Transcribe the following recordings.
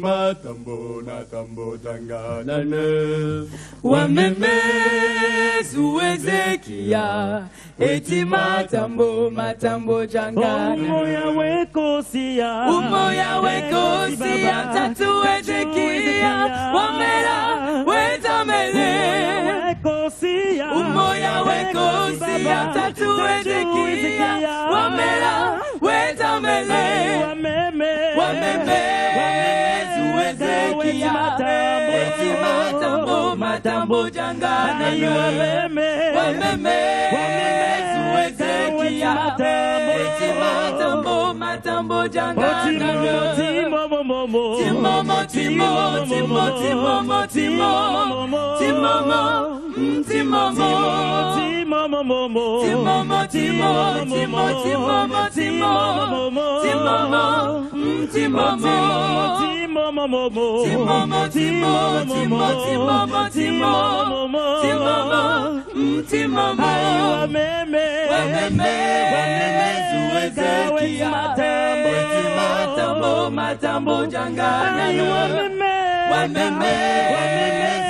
mimma tambo na tambo tanganane wameme suwezekia eti matambo matambo jangane umoya wekosia umoya wekosia tatu wezekia wamera wetamele wekosia umoya wekosia tatu wezekia wamera wetamele wamera wamemezu Hezekia, eti matambo matambo janganano, wamemezu Hezekia, eti matambo matambo janganano, oh, timomo timomo timomo timomo timomo timomo timomo mm, timomo momo momo ti momo ti momo ti momo ti mm, momo ti momo ti momo ti momo ti momo momo ti momo ti momo ti momo ti momo ti momo ti momo ayo meme meme meme zuweze kia matambo matambo matambo jangana ayo meme meme meme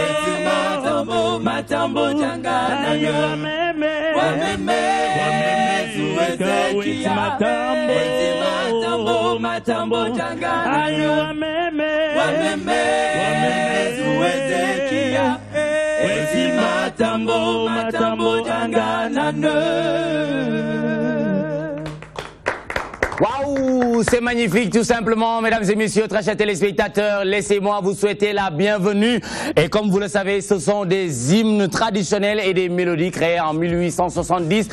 matambo changanya wameme wameme zuwezekia matambo matambo matambo changanya wameme wameme zuwezekia ezi matambo matambo changanya C'est magnifique tout simplement, mesdames et messieurs, très chers téléspectateurs, laissez-moi vous souhaiter la bienvenue. Et comme vous le savez, ce sont des hymnes traditionnels et des mélodies créées en 1870.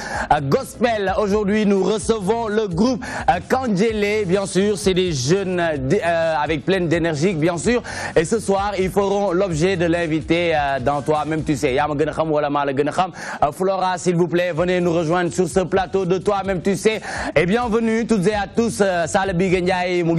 gospel, aujourd'hui nous recevons le groupe Kangele, bien sûr, c'est des jeunes euh, avec pleine d'énergie, bien sûr. Et ce soir, ils feront l'objet de l'inviter euh, dans toi, même tu sais. Euh, Flora, s'il vous plaît, venez nous rejoindre sur ce plateau de toi, même tu sais. Et bienvenue toutes et à tous tous Sala Bigué Ndiaye mu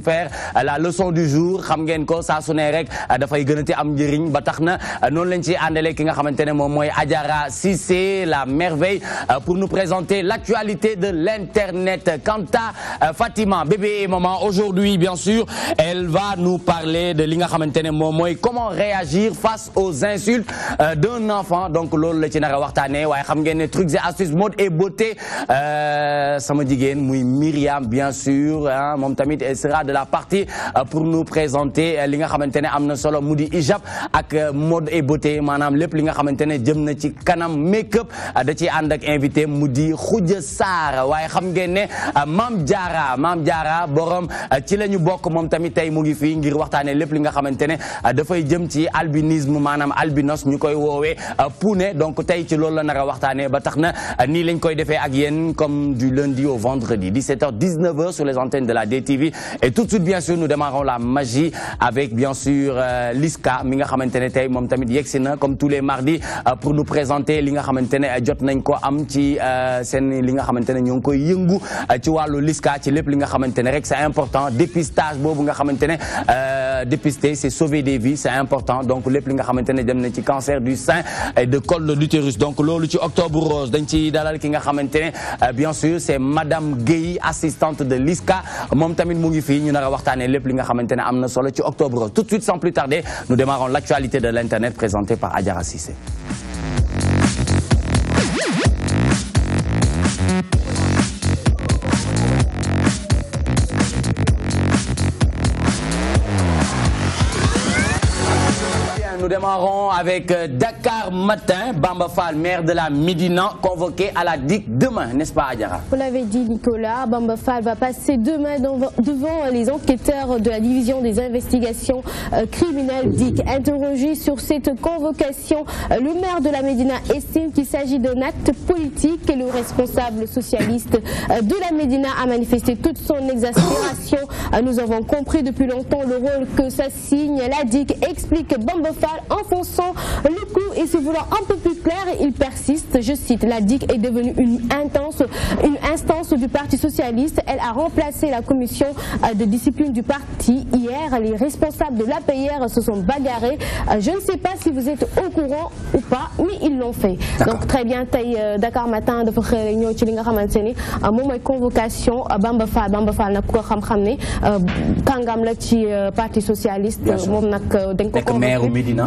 faire euh, la leçon du jour xam ngeen ko sa su rek euh, da fay a am njëriñ ba taxna euh, non si lañ ci ki nga Cissé la merveille pour nous présenter l'actualité de l'internet Kanta Fatima bébé et maman aujourd'hui bien sûr elle va nous parler de li nga xamantene mom moy comment réagir face aux insultes d'un enfant donc lolu la ci nar a waxtaane xam trucs et astuces mode et beauté sama jigen muy bien sûr hein, mon tamit sera de la partie euh, pour nous présenter euh, li nga xamante solo Moody hijab ak euh, mode et beauté Madame lépp li nga xamante ci kanam make-up da ci ànd ak invité mu di Khoudia Sarr waaye Mame Diarra Mame Diarra borom ci la tamit mu ngi ngir albinisme albinos ñu Pune, donc tey ci loolu la nar a waxtaanee ba tax lañ koy comme du lundi au vendredi 17h, 19h sur les antennes de la DTV. Et tout de suite, bien sûr, nous démarrons la magie avec, bien sûr, euh, Liska, minga nga xamante ne tey comme tous les mardis euh, pour nous présenter li nga xamante euh, jot nañ ko am ci euh, seen li nga xamante ne Liska ci lépp li nga c'est important dépistage boobu nga Khamentene, dépister c'est sauver des vies c'est important donc lépp li nga xamante cancer du sein et de col de l'utérus donc loolu ci octobre rose dañ ci dalal ki nga bien sûr c'est madame Gaye assistante de l'ISCA Mom tamit mu nous avons ñu nar a li nga xamantene octobre tout de suite sans plus tarder nous démarrons l'actualité de l'internet présentée par Adjara Sissé. nous démarrons avec euh, Dakar Matin, Bamba maire de la Médina, convoqué à la DIC demain, n'est-ce pas Adiara Vous l'avez dit Nicolas, Bamba va passer demain devant les enquêteurs de la division des investigations euh, criminelles DIC. Interrogé sur cette convocation, euh, le maire de la Médina estime qu'il s'agit d'un acte politique et le responsable socialiste de la Médina a manifesté toute son exaspération. Nous avons compris depuis longtemps le rôle que ça signe. La DIC explique Bamba Fall en fonction le coup et se voulant un peu plus clair, il persiste. Je cite, la DIC est devenue une, intense, une instance du Parti Socialiste. Elle a remplacé la commission euh, de discipline du parti. Hier, les responsables de l'APR se sont bagarrés. Euh, je ne sais pas si vous êtes au courant ou pas, mais ils l'ont fait. Donc très bien, Taï euh, Dakar Matin de xëy réunion ci li nga convocation Bamba Bambafa, Bamba Fall nag ku ko xam la Parti Socialiste moom nag la ko maire Médina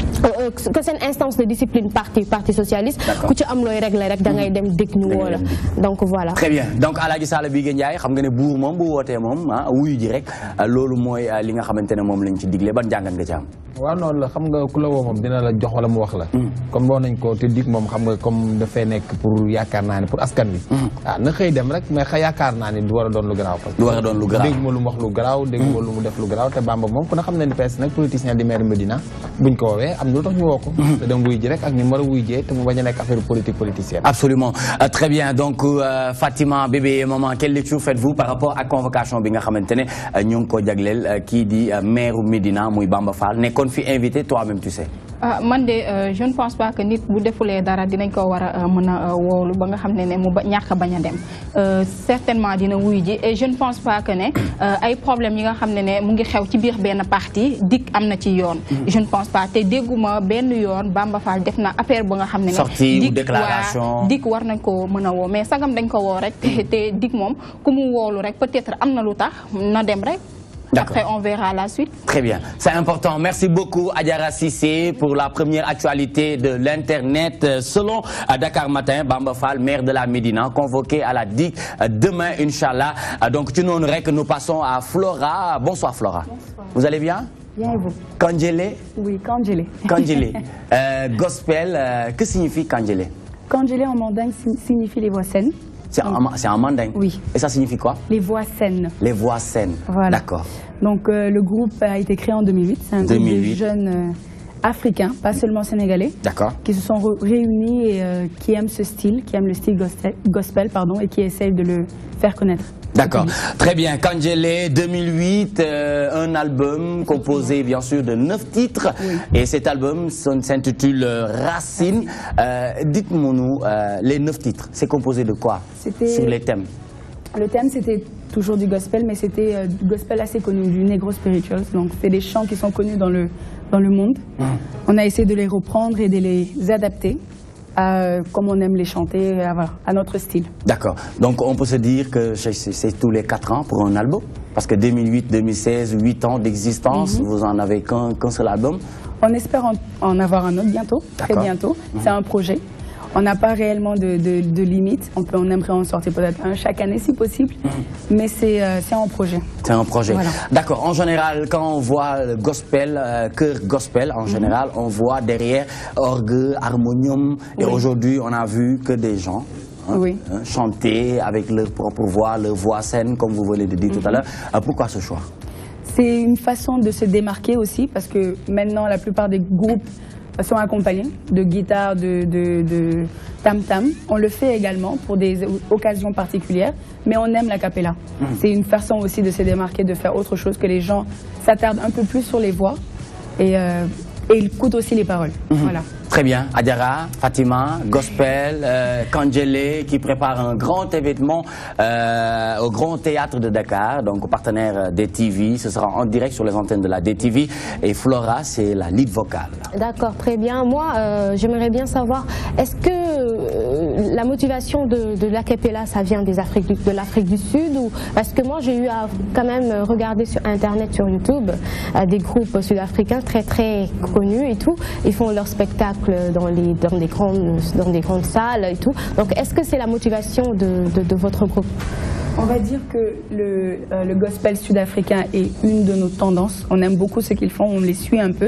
Euh, que c'est une instance de discipline parti parti socialiste. ku ci am loy régler rek da ngay mhm. dem dégg ñu woo donc voilà. très bien donc Alaaji Sala Bigué Ndiaye xam nga ne bour mom bu wootee mom ah, wuyu ji rek lolu moy ah, li nga xamante ne moom lañ ci digle ban jangane nga ci am waaw noonu la xam nga ku la dina la jox wala mu wax la hmm. comme woo nañ ko te dig moom xam nga comme dafay nekk pour yaakaar naa pour askan bi hmm. ah na xëy dem rek mais xa yaakaar naa ne du war a doon lu garaaw parce que du war a doon lu garaaw dégg ma lu wax lu garaaw dégg ma hmm. lu mu def lu garaaw te Bamba moom ku xam ne ni pees nag politicien di maire Medina buñ ko woowee am na lu tax ñu woo ko te dem wuy ji rek ak ni mu wuy jee te mu bañ a affaire politique politicienne absolument euh, très bien donc euh, Fatima bébé maman quelle lecture faites-vous par rapport à convocation bi nga xamante ne euh, ñu ngi ko jagleel kii di maire Medina muy Bamba Fall nekkoon fi invité toi-même tu sais. ah man de euh, je ne pense pas que nit bu defulee dara dinañ ko wara a euh, mën a euh, woolu ba nga xamné né ne mu ba ñàkk bañ a dem certainement dina wuy ji et je ne pense pas que ne ay problème yi nga xamné né mu ngi xew ci biir ben parti dik amna ci yoon. Mm-hmm. je ne pense pas té dégguma ben yoon Bamba Fall defna affaire ba nga xam ne ne. déclaration dik war nañ ko mën wo mais sagam dañ ko wo rek té te dikk moom ku mu rek peut-être amna lutax na dem rek. Après, on verra la suite. Très bien. C'est important. Merci beaucoup, Adiara Sissé, pour la première actualité de l'Internet. Selon euh, Dakar Matin, Bamba maire de la Médina, convoqué à la DIC euh, demain, Inch'Allah. Euh, donc, tu nous que nous passons à Flora. Bonsoir, Flora. Bonsoir. Vous allez bien Bien et vous Kandjele Oui, Kandjele. gospel, que signifie Kandjele Kandjele en mandingue signifie les voix c'est un mandingue Oui. Et ça signifie quoi Les voix saines. Les voix saines. Voilà. D'accord. Donc euh, le groupe a été créé en 2008. C'est un groupe de jeunes euh, africains, pas seulement sénégalais. D'accord. Qui se sont réunis et euh, qui aiment ce style, qui aiment le style gospel, pardon, et qui essayent de le faire connaître. D'accord. Très bien. Kangele, 2008, euh, un album composé bien sûr de neuf titres. Et cet album s'intitule euh, Racine. Euh, dites-moi nous, les neuf titres, c'est composé de quoi Sur les thèmes Le thème, c'était toujours du gospel, mais c'était du gospel assez connu, du negro spiritual. Donc, c'est des chants qui sont connus dans le, monde. Hum. On a essayé de les reprendre et de les adapter à, comme on aime les chanter, à, notre style. D'accord. Donc on peut se dire que c'est tous les 4 ans pour un album Parce que 2008, 2016, 8 ans d'existence, mhm. vous en avez qu'un seul album. On espère en, avoir un autre bientôt, très bientôt. C'est mhm. un projet. On n'a pas réellement de, de, limites. On, peut, on aimerait en sortir peut-être un chaque année si possible, mhm. mais c'est un euh, en projet. C'est un projet. D'accord. En général, quand on voit le gospel, que euh, cœur gospel, en mhm. général, on voit derrière orgue, harmonium. Et aujourd'hui, on a vu que des gens hein, hein, chanter avec leur propre voix, leur voix saine, comme vous venez de dire tout à mhm. l'heure. Euh, pourquoi ce choix C'est une façon de se démarquer aussi, parce que maintenant, la plupart des groupes sont accompagnés de guitare, de, tam-tam. On le fait également pour des occasions particulières, mais on aime la cappella. Mhm. C'est une façon aussi de se démarquer, de faire autre chose, que les gens s'attardent un peu plus sur les voix et, euh, et ils écoutent aussi les paroles. Mhm. Voilà. Très bien, Adara, Fatima, Gospel, euh, Kangele qui prépare un grand événement euh, au Grand Théâtre de Dakar, donc au partenaire DTV, Ce sera en direct sur les antennes de la DTV. Et Flora, c'est la lead vocale. D'accord, très bien. Moi, euh, j'aimerais bien savoir, est-ce que la motivation de, de cappella ça vient des de l'Afrique du Sud ou Parce que moi, j'ai eu à quand même regarder sur Internet, sur YouTube, des groupes sud-africains très très connus et tout. Ils font leur spectacle dans, les, dans, des, grandes, salles et tout. Donc est-ce que c'est la motivation de, votre groupe on va dire que euh, le, gospel sud-africain est une de nos tendances. On aime beaucoup ce qu'ils font, on les suit un peu.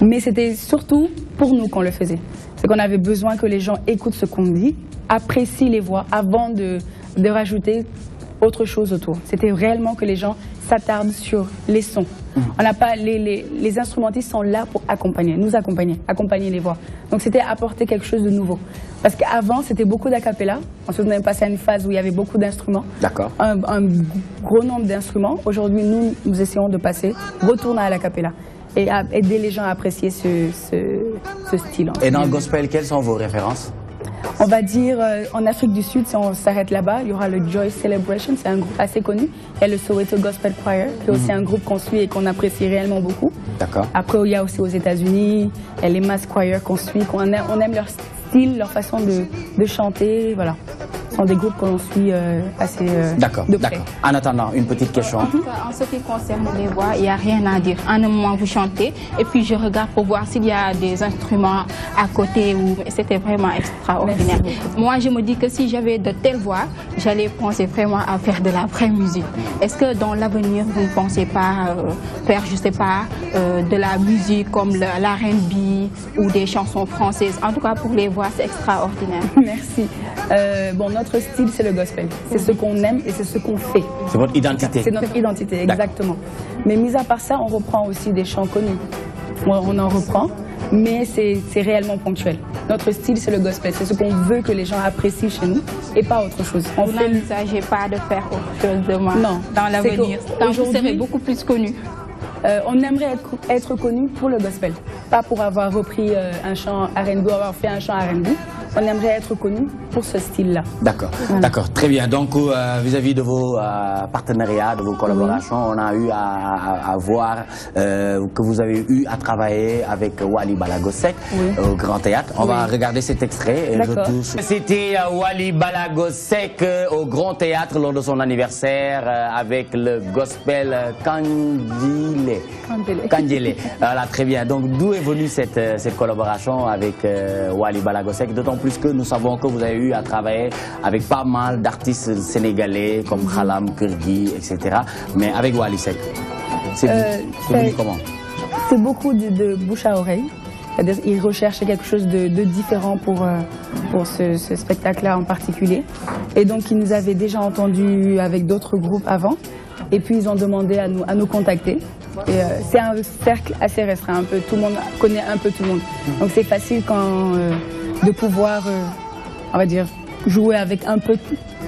Mais c'était surtout pour nous qu'on le faisait. C'est qu'on avait besoin que les gens écoutent ce qu'on dit, apprécient les voix avant de rajouter autre chose autour. C'était réellement que les gens s'attarde sur les sons. Mm. On n'a pas les, instrumentistes sont là pour accompagner, nous accompagner, accompagner les voix. Donc c'était apporter quelque chose de nouveau. Parce qu'avant c'était beaucoup d'acapella. Ensuite on est passé à une phase où il y avait beaucoup d'instruments. D'accord. Un, gros nombre d'instruments. Aujourd'hui nous nous essayons de passer retourner à l'acapella et aider les gens à apprécier ce style. Et dans le gospel quelles sont vos références on va dire euh, en Afrique du Sud, si on s'arrête là-bas, il y aura le Joy Celebration, c'est un groupe assez connu. Et le Soweto Gospel Choir, qui est aussi mhm. un groupe qu'on suit et qu'on apprécie réellement beaucoup. D'accord. Après, il y a aussi aux États-Unis, les Mass Choir qu'on suit, qu'on on aime leur style, leur façon de, de chanter, voilà sont des groupes que l'on suit euh, assez euh, D'accord, d'accord. En attendant, une petite question. En, tout cas, en ce qui concerne les voix, il n'y a rien à dire. En un moment, vous chantez et puis je regarde pour voir s'il y a des instruments à côté. C'était vraiment extraordinaire. Moi, je me dis que si j'avais de telles voix, j'allais penser vraiment à faire de la vraie musique. Est-ce que dans l'avenir, vous ne pensez pas euh, faire, je ne sais pas, de la musique comme l'R&B ou des chansons françaises En tout cas, pour les voix, c'est extraordinaire. Merci. bon, notre style, c'est le gospel. C'est ce qu'on aime et c'est ce qu'on fait. C'est votre identité. C'est notre identité, exactement. Mais mis à part ça, on reprend aussi des chants connus. On en reprend, mais c'est réellement ponctuel. Notre style, c'est le gospel. C'est ce qu'on veut que les gens apprécient chez nous et pas autre chose. On Vous n'envisagez pas de faire autre chose moi. Non. Dans l'avenir. Vous serez beaucoup plus connu. Euh, on aimerait être, être, connu pour le gospel. Pas pour avoir repris euh, un chant R&B ou avoir fait un chant R&B. On aimerait être connu pour ce style-là. D'accord, d'accord, très bien. Donc, euh, vis-à-vis de vos euh, partenariats, de vos collaborations, on a eu à, voir euh, que vous avez eu à travailler avec Wali Balagosek au Grand Théâtre. On va regarder cet extrait. C'était Wali Balagosek au Grand Théâtre lors de son anniversaire avec le gospel Candile. Candile. Voilà, très bien. Donc, d'où est venue cette, cette collaboration avec Wali Balagosek D'autant plus que nous savons que vous avez eu à travailler avec pas mal d'artistes sénégalais comme Khalam, Kurgi, etc. Mais avec Wali euh, C'est comment C'est beaucoup de, bouche à oreille. cest à recherchaient quelque chose de, différent pour, euh, pour ce, spectacle-là en particulier. Et donc, ils nous avaient déjà entendus avec d'autres groupes avant. Et puis, ils ont demandé à nous, à nous contacter. Euh, c'est un cercle assez restreint. Un peu, tout le monde connaît un peu tout le monde. Donc, c'est facile quand, de pouvoir on va dire, jouer avec un peu,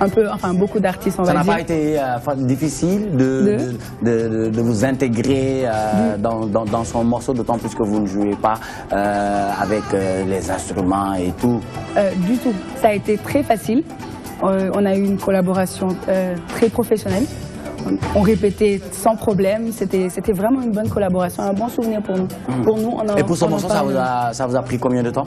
un peu enfin beaucoup d'artistes, on Ça Ça n'a pas été euh, difficile de de? vous intégrer euh, dans, son morceau, d'autant plus que vous ne jouez pas euh, avec les instruments et tout Du tout. Ça a été très facile. on a eu une collaboration très professionnelle. On répétait sans problème, c'était vraiment une bonne collaboration, un bon souvenir pour nous. Hmm. Pour nous et pour ce morceau, ça ça vous a pris combien de temps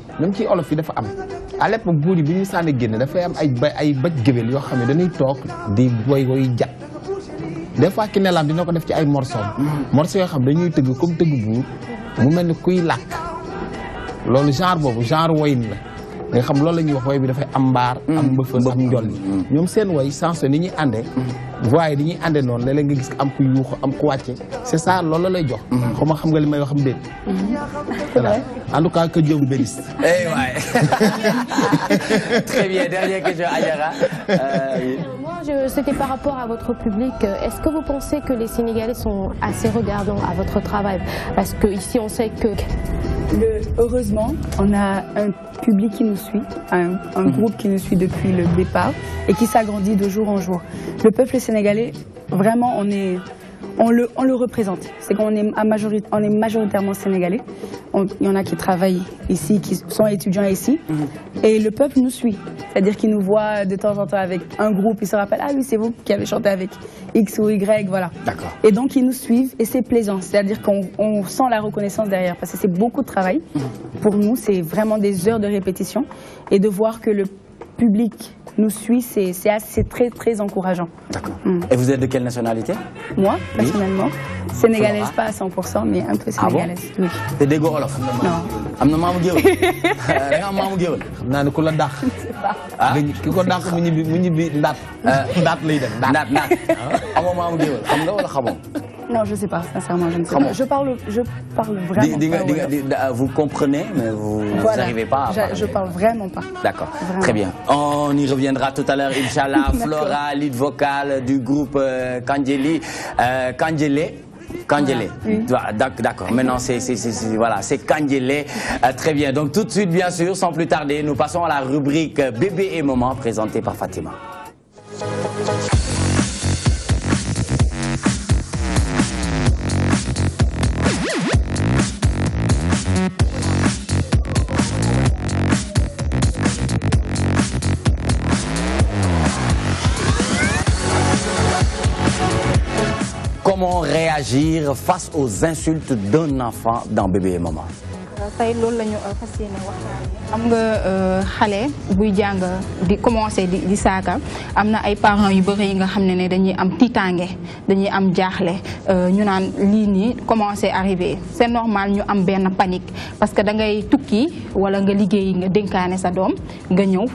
même ci olof yi dafa am à l'époque buur yi bi ñu sànni génne dafay am ay ba ay baj géwél yoo xam ne dañuy toog di woy woy jat des fois ki nelaam dina ko def ci ay morceau morceau yoo xam dañuy tëgg comme tëgg buur mu mel ni kuy làkk loolu genre boobu genre woyin la nga xam loolu la ñuy wax woy bi dafay am mbaar am mbëfën am njol yi mm-hmm. ñoom seen woy sans ni ñuy àndee mm-hmm. voix gis am am c'est ça lolo la lay jox. Mm-hmm. xaw xam nga limay wax mm-hmm. en tout cas que Dieu vous bénisse. eh ouais. très bien dernière question Ayara euh, moi c'était par rapport à votre public est-ce que vous pensez que les Sénégalais sont assez regardants à votre travail parce qu'ici, on sait que. heureusement, on a un public qui nous suit, un, un mm-hmm. groupe qui nous suit depuis le départ et qui s'agrandit de jour en jour. Le peuple sénégalais sénégalais, vraiment, on est on le, on le, représente. C'est qu'on est, majorité, on est majoritairement sénégalais. Il y en a qui travaillent ici, qui sont étudiants ici. Mhm. Et le peuple nous suit. C'est-à-dire qu'il nous voit de temps en temps avec un groupe. Il se rappelle, ah oui, c'est vous qui avez chanté avec X ou Y, voilà. D'accord. Et donc, ils nous suivent et c'est plaisant. C'est-à-dire qu'on sent la reconnaissance derrière parce que c'est beaucoup de travail. Mhm. Pour nous, c'est vraiment des heures de répétition. Et de voir que le public nous suit, c'est assez très très encourageant. D'accord. Mm. Et vous êtes de quelle nationalité Moi, personnellement, oui. sénégalaise pas à 100%, mais un peu sénégalaise. Ah bon oui. T'es des Non. Amna na maamu géwél da nga am maamu géwél xam ne ku la dàq ah ki ko dàq mu ñibbi mu ñibbi ndaat ndaat euh, lay def ndaat ah. ndaat amoo maamu géwél xam nga wala xamoo Non, je ne sais pas, sincèrement, je ne sais pas. Je parle, je parle vraiment diga, pas. Diga, diga, vous comprenez, mais vous n'arrivez voilà. pas à parler. je parle vraiment pas. D'accord, très bien. On y reviendra tout à l'heure, Inch'Allah. Flora, lead vocale du groupe Kandjeli. Euh, Kandjele. Euh, d'accord. Maintenant, c'est voilà, euh, très bien. Donc, tout de suite, bien sûr, sans plus tarder, nous passons à la rubrique euh, Bébé et Moment présentée par Fatima. réagir face aux insultes d'un enfant dans Bébé et Maman euh, tey loolu la ñu euh, fas yéene waxtaan xam nga euh, xale buy jàng di commencé di di saaga am na ay parents yu bëri yi nga xam ne dañuy am tiitaange dañuy am jaaxle ñu naan lii nii commencé arrivé c'est normal ñu am benn panique parce que da ngay tukki wala nga liggéey nga dénkaane sa doom nga ñëw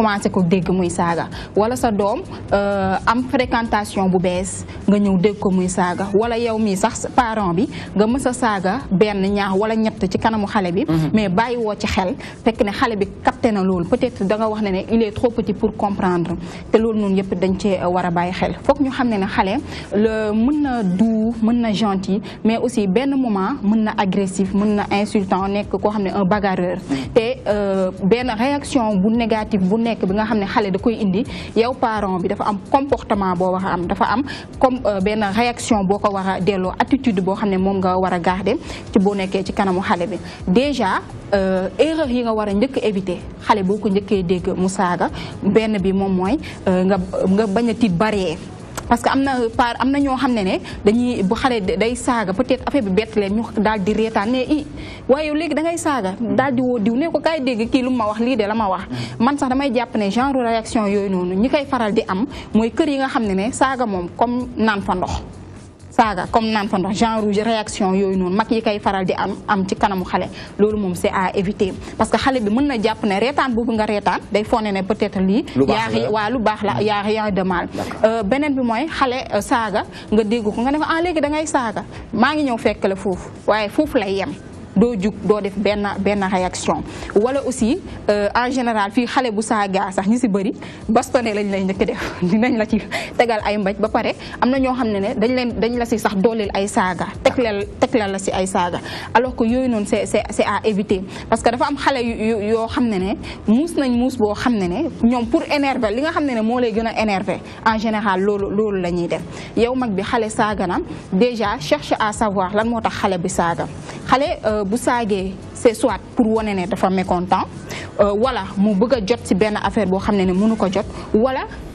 commencé ko dégg muy s'aga. wala sa euh, am fréquentation bu bees nga ñëw dégg ko muy saga wala yow mi sax parent bi nga mësa a ben ñaax wala ñett ci kanamu xalé bi mhm. mais bayyi wo ci xel fekk ne xalé bi capté na peut-être da nga wax né il est trop petit pour comprendre té lool non yëpp dañ ci wara bayyi xel foog ñu xamné né xalé le mëna doux mëna gentil mais aussi ben moment mëna agressif mëna insultant nek ko xamné un bagarreur mhm. euh, ben réaction bu négative bu nek bi nga xamné xalé da koy indi yow parent bi dafa am comportement bo wax a am dafa am comme ben réaction boko wara d'elo attitude bo xamné mom nga wara garder ci bo nekkee ci kanamu xalé bi déjà euh, erreur yi nga wara ñëk éviter xalé boo ñëkke njëkkee dégg mu saaga bi mom moy euh, nga nga baña a barrière parce que am na par am na ñoo xam ne ne dañuy bu xale day saaga peut-être affaire bi bett leen ñu daal di reetaan ne i waaye léegi da saaga daal di woo diw ne ko kaay dégg kii lu ma wax lii de la ma wax mm. man sax damay jàpp ne genre réaction yooyu noonu ñi koy faral di am mooy kër yi nga xam ne ne saaga moom comme naan fa ndox saga comme naan fanta genre réaction yooyu non mag yi koy faral di am am ci kanamu xale loolu moom c'est à éviter parce que xale bi mën na jàpp ne reetaan boobu nga reetaan day foone peut-être lii yaa waa lu baax la yaa rien de mal euh, benen bi mooy xale euh, saaga nga dégg ko nga ne ah léegi da saga saaga maa ngi ñëw fekk la foofu waaye foofu lay yem do juk do def ben ben réaction wala aussi euh, en général fi xalé bu saga sax ñi ci bëri bastoné lañ lay njëkk def dinañ la ci tégal ay mbaj ba paré amna ño xamné né dañ leen dañ la ci sax dooleel ay saga tegleel tegleel la ci ay saga alors que yoy noonu c'est c'est à éviter parce que dafa am xalé yo xamné né ne nañ muus bo xamné né ñom pour énerver li nga xamné né mo lay gëna énerver en général lolu lolu lañuy def yow mag bi xalé saga na déjà cherche à savoir lan motax xalé xale bi saaga xale euh, c'est soit pour vous né dafa mécontent euh, wala mu bëgg a jot ci benn affaire bo xamné ne mënu ko Voilà.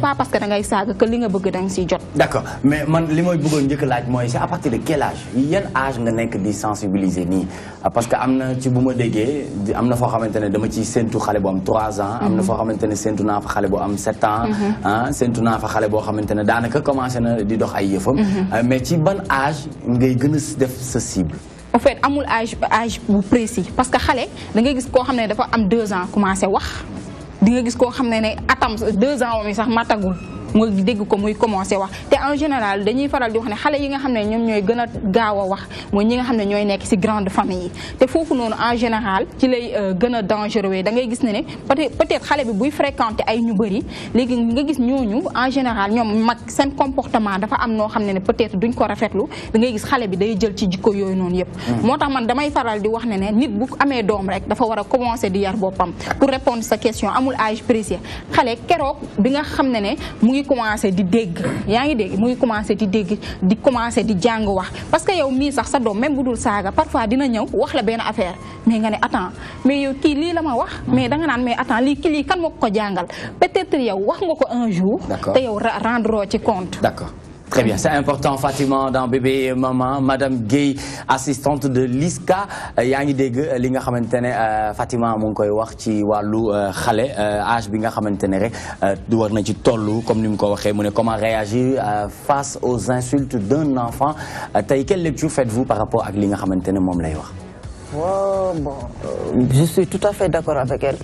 pas parce que da ngay saaga que li nga bëgg da nga siy jot. d'accord mais man li may bëggoon njëkk laaj moy c' est à partir de quel âge yan âge nga nek di sensibiliser ni parce que amna ci buma ma déggee am na foo dama ci sentu xalé bu am 3 ans. amna fo mhm. foo sentu ne séntu fa xale bu am 7 ans. hein mhm. ah, sentu naa fa xale boo xamante ne commencé na di dox ay yëfam. Mhm. Euh, mais ci ban âge ngay gën def sa cible. en fait amul âge âge précis parce que xalé da ngay gis ko xam dafa am 2 ans commencé wax. di nga gis koo xam ne ne atam deux ans mi sax matagul nga dégg ko muy commencé wax té en général dañuy faral di wax né xalé yi nga xamné ñom ñoy gëna gën wax mooy ñi nga xamné ñoy ñooy nekk ci grande famille té fofu foofu en général ci lay euh, gëna dangereux da ngay gis né ne peut-être xalé bi buy fréquenter ay ñu bëri légui nga gis ñoñu en général ñom mag seen comportement dafa am no xamné né peut-être duñ ko rafetlu da ngay gis xalé bi day jël ci jikko yoy non yépp hmm. motax man damay faral di wax né nit bu amé dom rek dafa wara commencer di yar bopam pour répondre sa question amul âge précis xalé kérok bi nga xamné né ne muy commencé di dégg yaa ngi dégg muy commencé di dégg di commencé di jàng wax parce que yow mii sax sa doom même bu dul saaga parfois dina ñëw wax la benn affaire mais nga ne attends mais yow kii lii la ma wax mais danga naan mais attends lii kii lii kan moo ko ko jàngal peut-être yow wax nga ko un jour te yow rendroo ci compte d'accord Très bien, c'est important Fatima dans bébé maman madame Gay assistante de l'ISCA euh, Yangi ngi Linga euh, li nga que euh, Fatima mu ngi koy wax ci wàllu xale âge bi nga ne war na ci tolu, comme ni comment réagir face aux insultes d'un enfant tey quelle lecture faites-vous par rapport à li nga xamante ne bon je suis tout à fait d'accord avec elle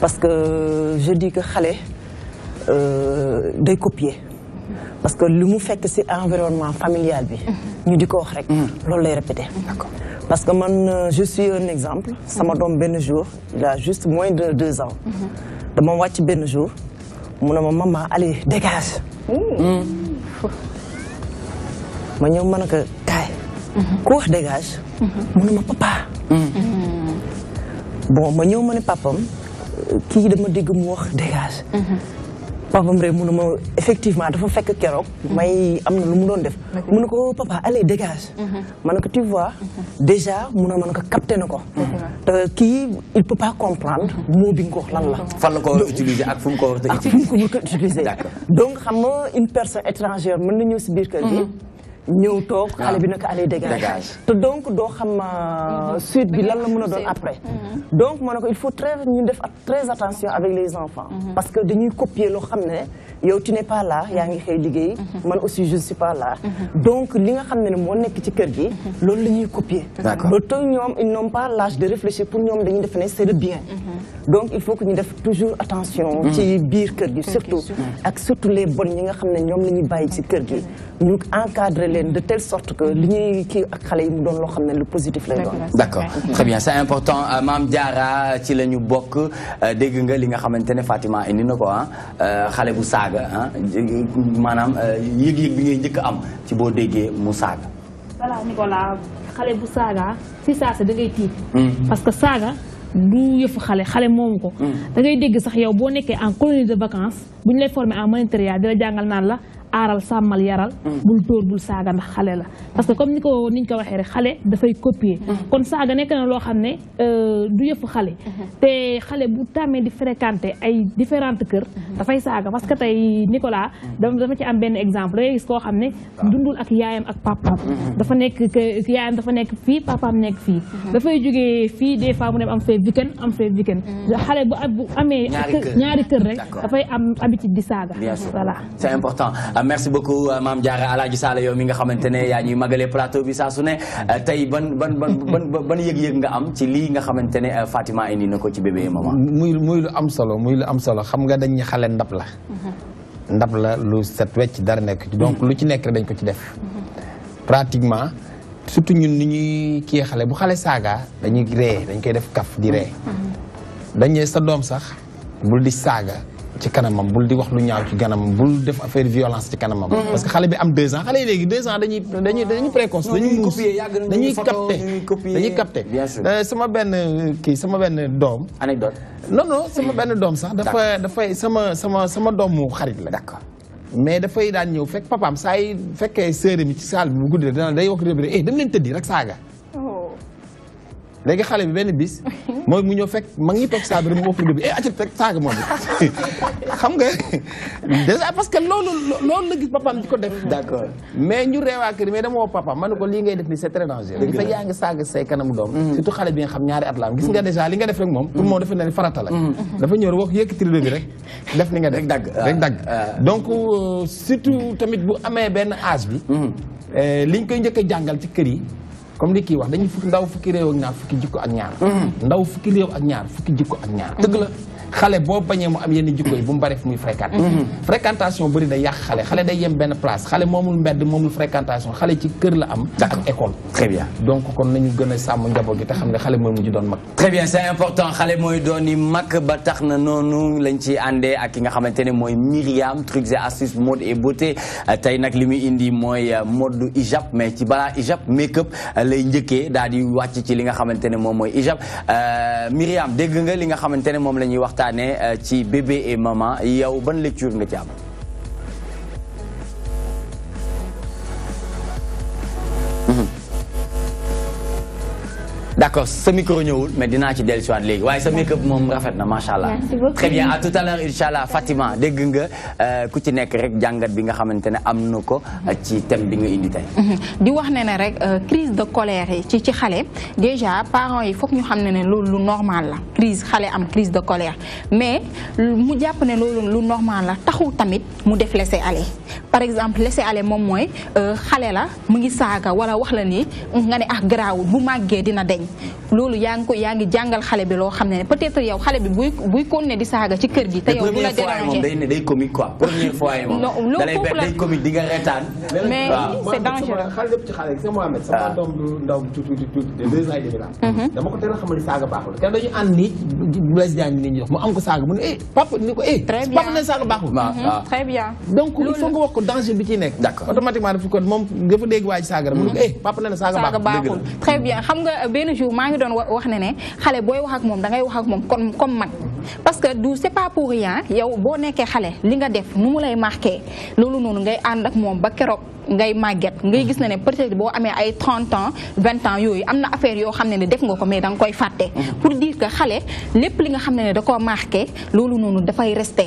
parce que je dis que euh, day copier parce que fait mu que ci environnement familial bi. ñu diko wax rek. Mm-hmm. lay parce que man euh, je suis un exemple. sama mm-hmm. donne un jour il a juste moins de deux ans. Mm-hmm. dama wàcc un jour mu ma maman allez dégage. Mm. ma me ma quand ko ku wax dégage. mu ma papa. bon ma ñëw ma ne papam ki dama dégg mu wax dégage. papa Mbré mu ne ma effectivement dafa fekk keroog. may am na lu mu doon def. mu ne ko papa allez dégage. Mhm. ma ne ko tu vois. Mhm. déjà mu ne ma ne ko capté na ko. te kii il peut pas comprendre. Mhm. moo bi nga ko fan la ko utiliser ak fu ko. ak fu donc xam une personne étrangère mën na ñëw si biir kër nous donc après donc il faut très très attention avec les enfants mhm. parce que nous copier le nous ne tu n'es pas là mhm. aussi je ne suis pas là donc ils n'ont pas l'âge de réfléchir pour nous, c'est le bien mhm. donc il faut que nous toujours attention ci biir surtout surtout les bonnes encadrer leen de telle sorte que li ñuy kii ak xale yi mu doon loo xam ne lu positif lay doon. d'accord très bien est important euh, maam Diarra ci la ñu bokk euh, dégg nga li nga xamante ne Fatima indi na ko ah xale bu saaga ah maanaam yëg-yëg bi ngay njëkk am ci boo déggee mu saaga. voilà Nicolas xale bu saaga si saa c'est da ngay tiit. Hmm. parce que saaga. du yëfu xale xale moomu ko. Hmm. da ngay dégg sax yow boo nekkee en colonie de vacances bu ñu lay former en managériat di la jàngal naan la aral samal yaral mm. bul tour bul saga ndax xalé la parce que comme niko niñ ko waxé rek xalé da fay copier mm. kon saga nek na lo xamné euh du yeuf xalé mm-hmm. té xalé bu tamé di fréquenter ay différentes kër mm-hmm. da fay saga parce que tay Nicolas mm. dama dama ci am ben exemple rek ko xamné dundul ak yayam ak papa mm-hmm. da fa nek yayam da fa nek fi papa am nek fi da fay joggé fi des fois mu ne am fay weekend am fay weekend xalé bu amé ñaari kër rek da fay am habitude di saga voilà c'est important Ah, merci beaucoup ah, mam diara alhaji sala yow mi nga xamantene ya ñuy magalé plateau bi sa su né ah, tay ban ban ban ban yeg yeg nga am ci li nga xamantene fatima indi nako ci bébé mama muy muy lu am solo muy lu am solo xam nga dañ ñi xalé ndap la mhm. ndap la lu set wécc dara nek donc lu ci nek dañ ko ci def mhm. pratiquement surtout ñun ni ñuy ki xalé bu xalé saga dañuy ré dañ koy def kaf di ré mhm. dañ ñé sa dom sax bul di saga ci kanamam bul di wax lu ñaaw ci kanamam bul def affaire violence ci kanamam. parce que xale bi am deux ans xale yi léegi deux ans dañuy dañuy dañuy ah, précoce. dañuy muus dañuy capté dañuy euh, capté. sama benn kii sama benn doom. anecdote non non sama benn doom sax. dafa dafay sama sama sama doomu xarit la. d'accord mais dafay daan ñëw fekk papaam saa yi fekkee sœur mi ci saal bi bu guddee dana day wax réew mi eh dama leen tëddi rek saaga. léegi xale bi benn bis mooy mu ñëw fekk ma ngi toog saa bi rek mu offre bi eh acca teg saaga moom xam nga déjà parce que loolu loolu la gis papaam di ko def. d'accord mais ñu reewaa kër mais dama woo papaam ma ne ko lii nga def nii c'est très dangereux. dëgg la yaa ngi saaga say kanamu doom. Mm. surtout xale bi nga xam ñaari at la gis nga mm. déjà li nga def rek moom. pour mm. moom dafa ne farata la. dafa ñëw wax yëkkati rido bi rek def ni nga def. rek dagg rek ah, ah. donc euh, surtout tamit bu amee benn âge bi. Euh, liñ koy njëkk jàngal ci kër yi. comme li ki wax dañu ndaw fukki rew ak ñaar fukki jikko ak ñaar ndaw fukki rew ak ñaar fukki jikko ak ñaar deug la xalé bo bañé mu am yéni jikko yi bu mbaré fumuy fréquent mhm. fréquentation bari day yak xalé xalé day yem ben place xalé momul mbedd momul fréquentation xalé ci kër la am ak école très bien donc kon nañu gëna sam njabo gi ta xamné xalé mo mu ci don mak très bien c'est important xalé moy doni mak ba taxna nonu lañ ci andé ak ki nga xamantene moy Miriam trucs et astuces mode et beauté tay nak limi indi moy euh, mode hijab mais ci bala hijab make-up euh, lay ñëkke daal di wacc ci li nga xamantene mom moy hijab euh Miriam dégg nga li nga xamantene mom lañuy wax waxtaanee eh, ci bébé et maman yow ban lecture nga ci am. D'accord, ce micro ñëwul mais dina ci wat légui. Waye sa make-up moom rafet na macha allah. très bien à tout à l'heure incha Fatima dégg nga euh ku ci nek rek jangat bi nga xamantene ne euh, ci thème bi nga indi tay. Mhm. di wax ne ne rek euh, crise de colère ci ci xalé déjà parents yi foog ñu xamné né lolu lu normal la crise xalé am crise de colère mais mu japp né lolu lu normal la taxul tamit mu def laisser aller par exemple laisser aller mom moy euh xalé la mu ngi saga wala wax la ni nga né ah garaawul bu maggé dina deñ loolu yaa ngi ko yaa ngi jàngal xale bi loo xam ne peut-être yow xale bi buy buy continuer di saaga ci kër gi. te yow bu day day comique bu ah. mhm. a ne eh, eh saaga baaxul. waaw mhm. ah. donc il faut nga wax saaga rek mu ne mhm. eh, saaga baaxul. très bien xam nga benn jour maa ngi doon wax ne ne xale booy wax ak moom da ngay wax ak moom kon comme mag parce que du c'est pas pour rien yow boo nekkee xale li nga def nu mu lay marqué loolu noonu ngay ànd ak moom ba keroog ngay màgget ngay gis na ne peut-être boo amee ay 30 ans 20 ans yooyu am na affaire yoo xam ne ne def nga ko mais da nga koy fàtte mm-hmm. pour dire que xale lépp li nga xam ne ne da koo marqué loolu noonu dafay resté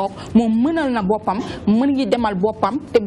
torok mom meunal na bopam meun gi demal bopam te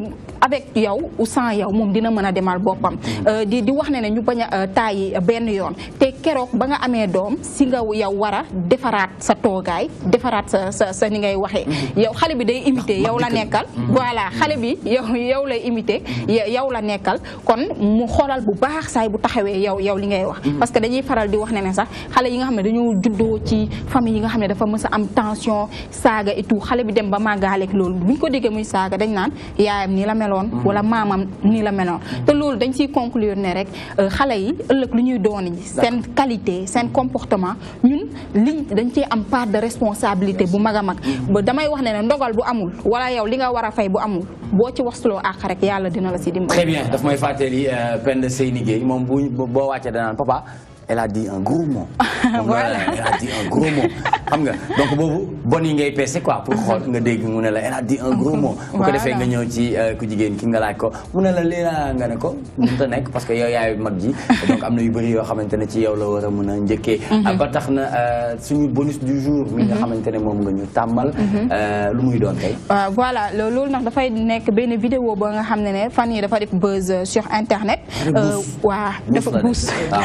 avec yow ou sans yow mom dina meuna demal bopam hmm. euh di di wax ne ñu baña tayi ben yoon te keroog ba nga amee doom si nga yow ya war a defaraat sa toogaay defaraat sa sa sa ni ngay waxee. Mhm. yow xale bi day imité yow la nekkal. Mhm. voilà xale bi yow yow lay imité mhm. yow ya, la nekkal kon mu xoolal bu baax saay bu taxawee yow yow li ngay wax. parce que dañuy faral di wax ne ne sax xale yi nga xam ne dañoo ci famille yi nga xam dafa mës am tension saaga et tout xale bi dem ba màggaale loolu bu ñu ko déggee muy saaga dañ naan yaayam nii la meloon. wala maamam nii la meloon. te loolu dañ siy conclure ne rek euh, xale yi ëllëg lu ñuy doon seen qualité seen comportement ñun li dañ ci am part de responsabilité bu mag a mag ba damay wax né ndogal bu amul wala yow li nga wara fay bu amul bo ci wax solo ak rek Yalla dina la si dimbali. très bien daf may fàttali euh, Penda Seyni Gueye mom bo boo da danaan papa. elle a dit un gros mot. voilà. Elle a dit un gros mot. Donc, bon, il y a c'est quoi pour croire que elle a dit un gros mot. Vous avez fait un gros mot, vous avez fait un gros mot, vous avez fait un gros mot, vous avez fait un gros mot, vous avez fait un gros mot, vous avez fait un gros mot, vous avez fait un bonus du jour, vous avez fait un gros mot, vous avez fait un Voilà, le lol, nous avons fait une vidéo vidéo où nous avons fait un buzz euh, sur Internet. Ouais, euh, de fait buzz. Ah,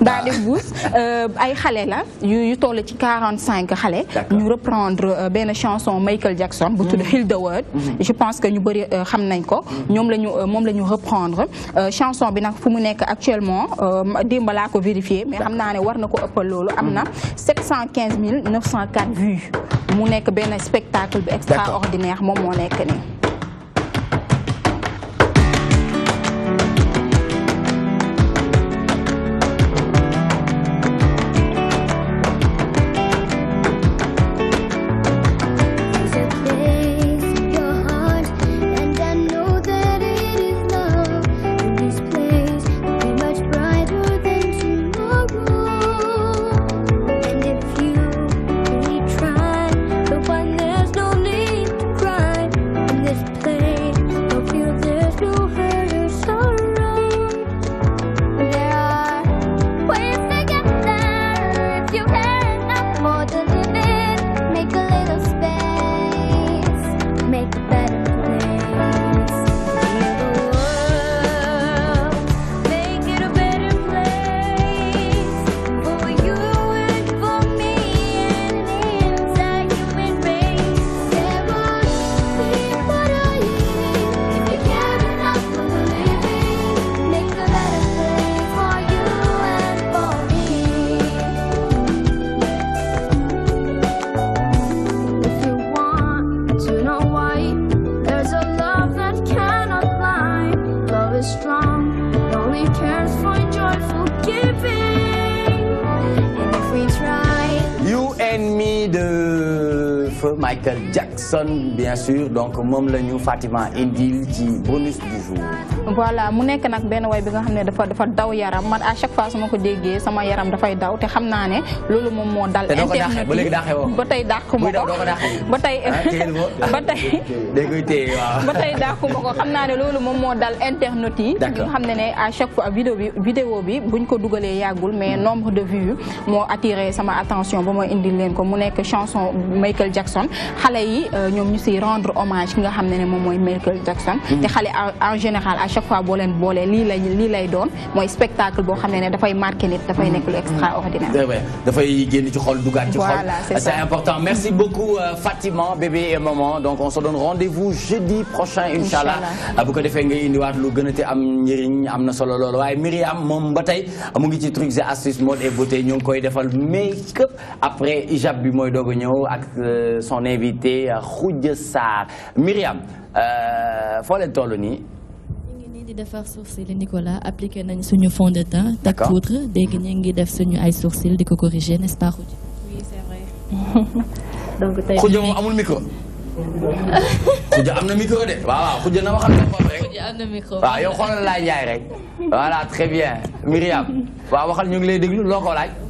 dans les buus euh, ay xalé la yu yu toll ci 45 xalé, ñu reprendre ben chanson Michael Jackson. bu tudd Heal the World. je pense que ñu bari euh, xam nañ ko. Mm-hmm. ñom la mom lañu la reprendre chanson bi nak fu mu nekk actuellement démb laa ko vérifier, mais xam naa ne war na ko ëppal 715 904 mm-hmm. vues mu nekk ben spectacle bi extraordinaire mom mo nekk né. sonne bien sûr donc Mom le Fatima indil ci bonus du jour voilà mu nek nak ben way bi nga xamné dafa dafa daw yaram man à chaque fois su ko déggé sama yaram dafay daw te xam naa ne loolu moom moo dal internet ba tey dàqu ma ko ba tey ba wa ba tay dàqu mo ko xamna né lolu mom mo dal internet yi nga xamné né ne à chaque fois vidéo bi vidéo bi buñ ko dugalee yagul mais hmm. nombre de vues mo attiré sama attention ba mo indi len ko mu nek chanson Michael Jackson xalé yi euh, ñom ñu ci rendre hommage nga xamné né mom moy Michael Jackson hmm. té xalé en général chaque fois boo leen boolee lay li lay doon moy spectacle bo xamné né da fay marqué nit da fay nek lu extraordinaire. Eh da fay génn ci xol duggaat ci xol. c'est ça c'est important merci mm-hmm. beaucoup euh, Fatima bébé et maman donc on se donne rendez-vous jeudi prochain inchallah allah ah, bu ko defee ngay wat lu gën té am njëriñ amna solo lool waaye Miriam mom batay tey mu ngi ci trucs et astuces mode et beauté ñu koy défal make-up après hijab bi moy dogo ñëw ak euh, son invité euh, Khoudia Miriam euh foo leen toll ni les sourcils et Nicolas fond de teint. ce oui c'est vrai. donc a micro. micro micro voilà très bien Myriam va waxal ñu ngi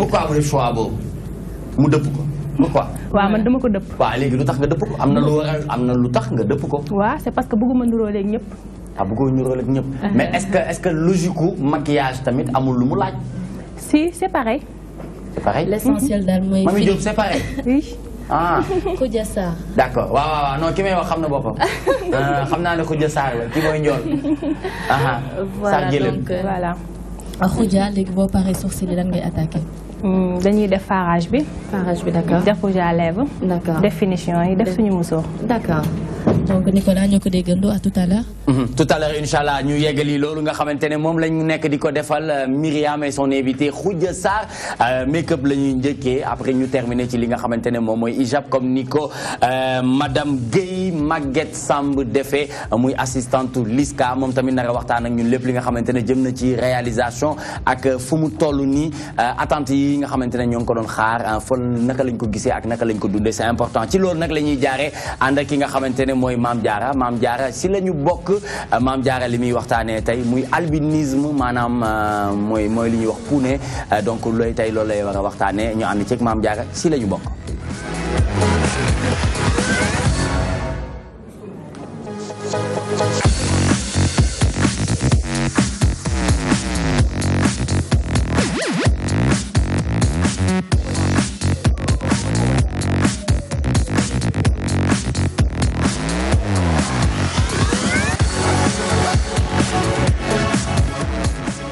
pourquoi vous def choix boobu mu depp ko pourquoi. wa man dama ko depp wa léegi lutax nga depp ko amna na lu waral am na nga depp ko. wa c'est parce que bëgguma niroo léegi ñëpp. ah bëggoo niroo léegi ñëpp. Ah. mais est-ce que est-ce que logique maquillage tamit amul lu mu laaj. si c'est pareil. c'est pareil l'essentiel daal mooy. Mamy Diop c'est pareil. oui. ah. Khoudia Sarr. d'accord wa wa wa non ki may wax xamna na boppam euh, xam naa ne Khoudia Sarr la ki mooy njool. voilà donc euh, voilà. Khoudia léegi boo paree sourcil yi lan ngay attaqué. Mm, dañuy def farage bi. farage bi d'accord accord def rouge à lèvres. d' accord yi def suñu musso d'accord donc Nicolas ñoo ko déggandoo à tout à l'heure mm-hmm. tout à l'heure incha ñu yeggali lolu nga xamantene mom moom la ñu nekk di defal euh, Myriam et son invité Khoudia Sar euh, make up la ñëkke après ñu terminer ci li nga xamantene mom moy mooy hijab comme Nico ko euh, madame Guèye Maguette Samb défé muy assistante Liska mom tamit nara waxtaan ak ñun lepp li nga xamantene jëm na ci réalisation ak fu mu toll nii attente yi. yi nga xamante ne ñoo ngi ko doon xaar ah, fon naka lañ ko gisee ak naka lañ ko dunde c'est important ci lool nag la ñuy jaaree ànd ak ki nga xamante ne mooy Maam Diarra Maam jaara si la ñu bokk ah, Maam jaara li muy waxtaanee tey muy albinisme maanaam ah, mooy mooy li ñuy wax puune donc looy tey loolu lay war a waxtaanee ñu ànd ceeg Maam Diarra si la ñu bokk.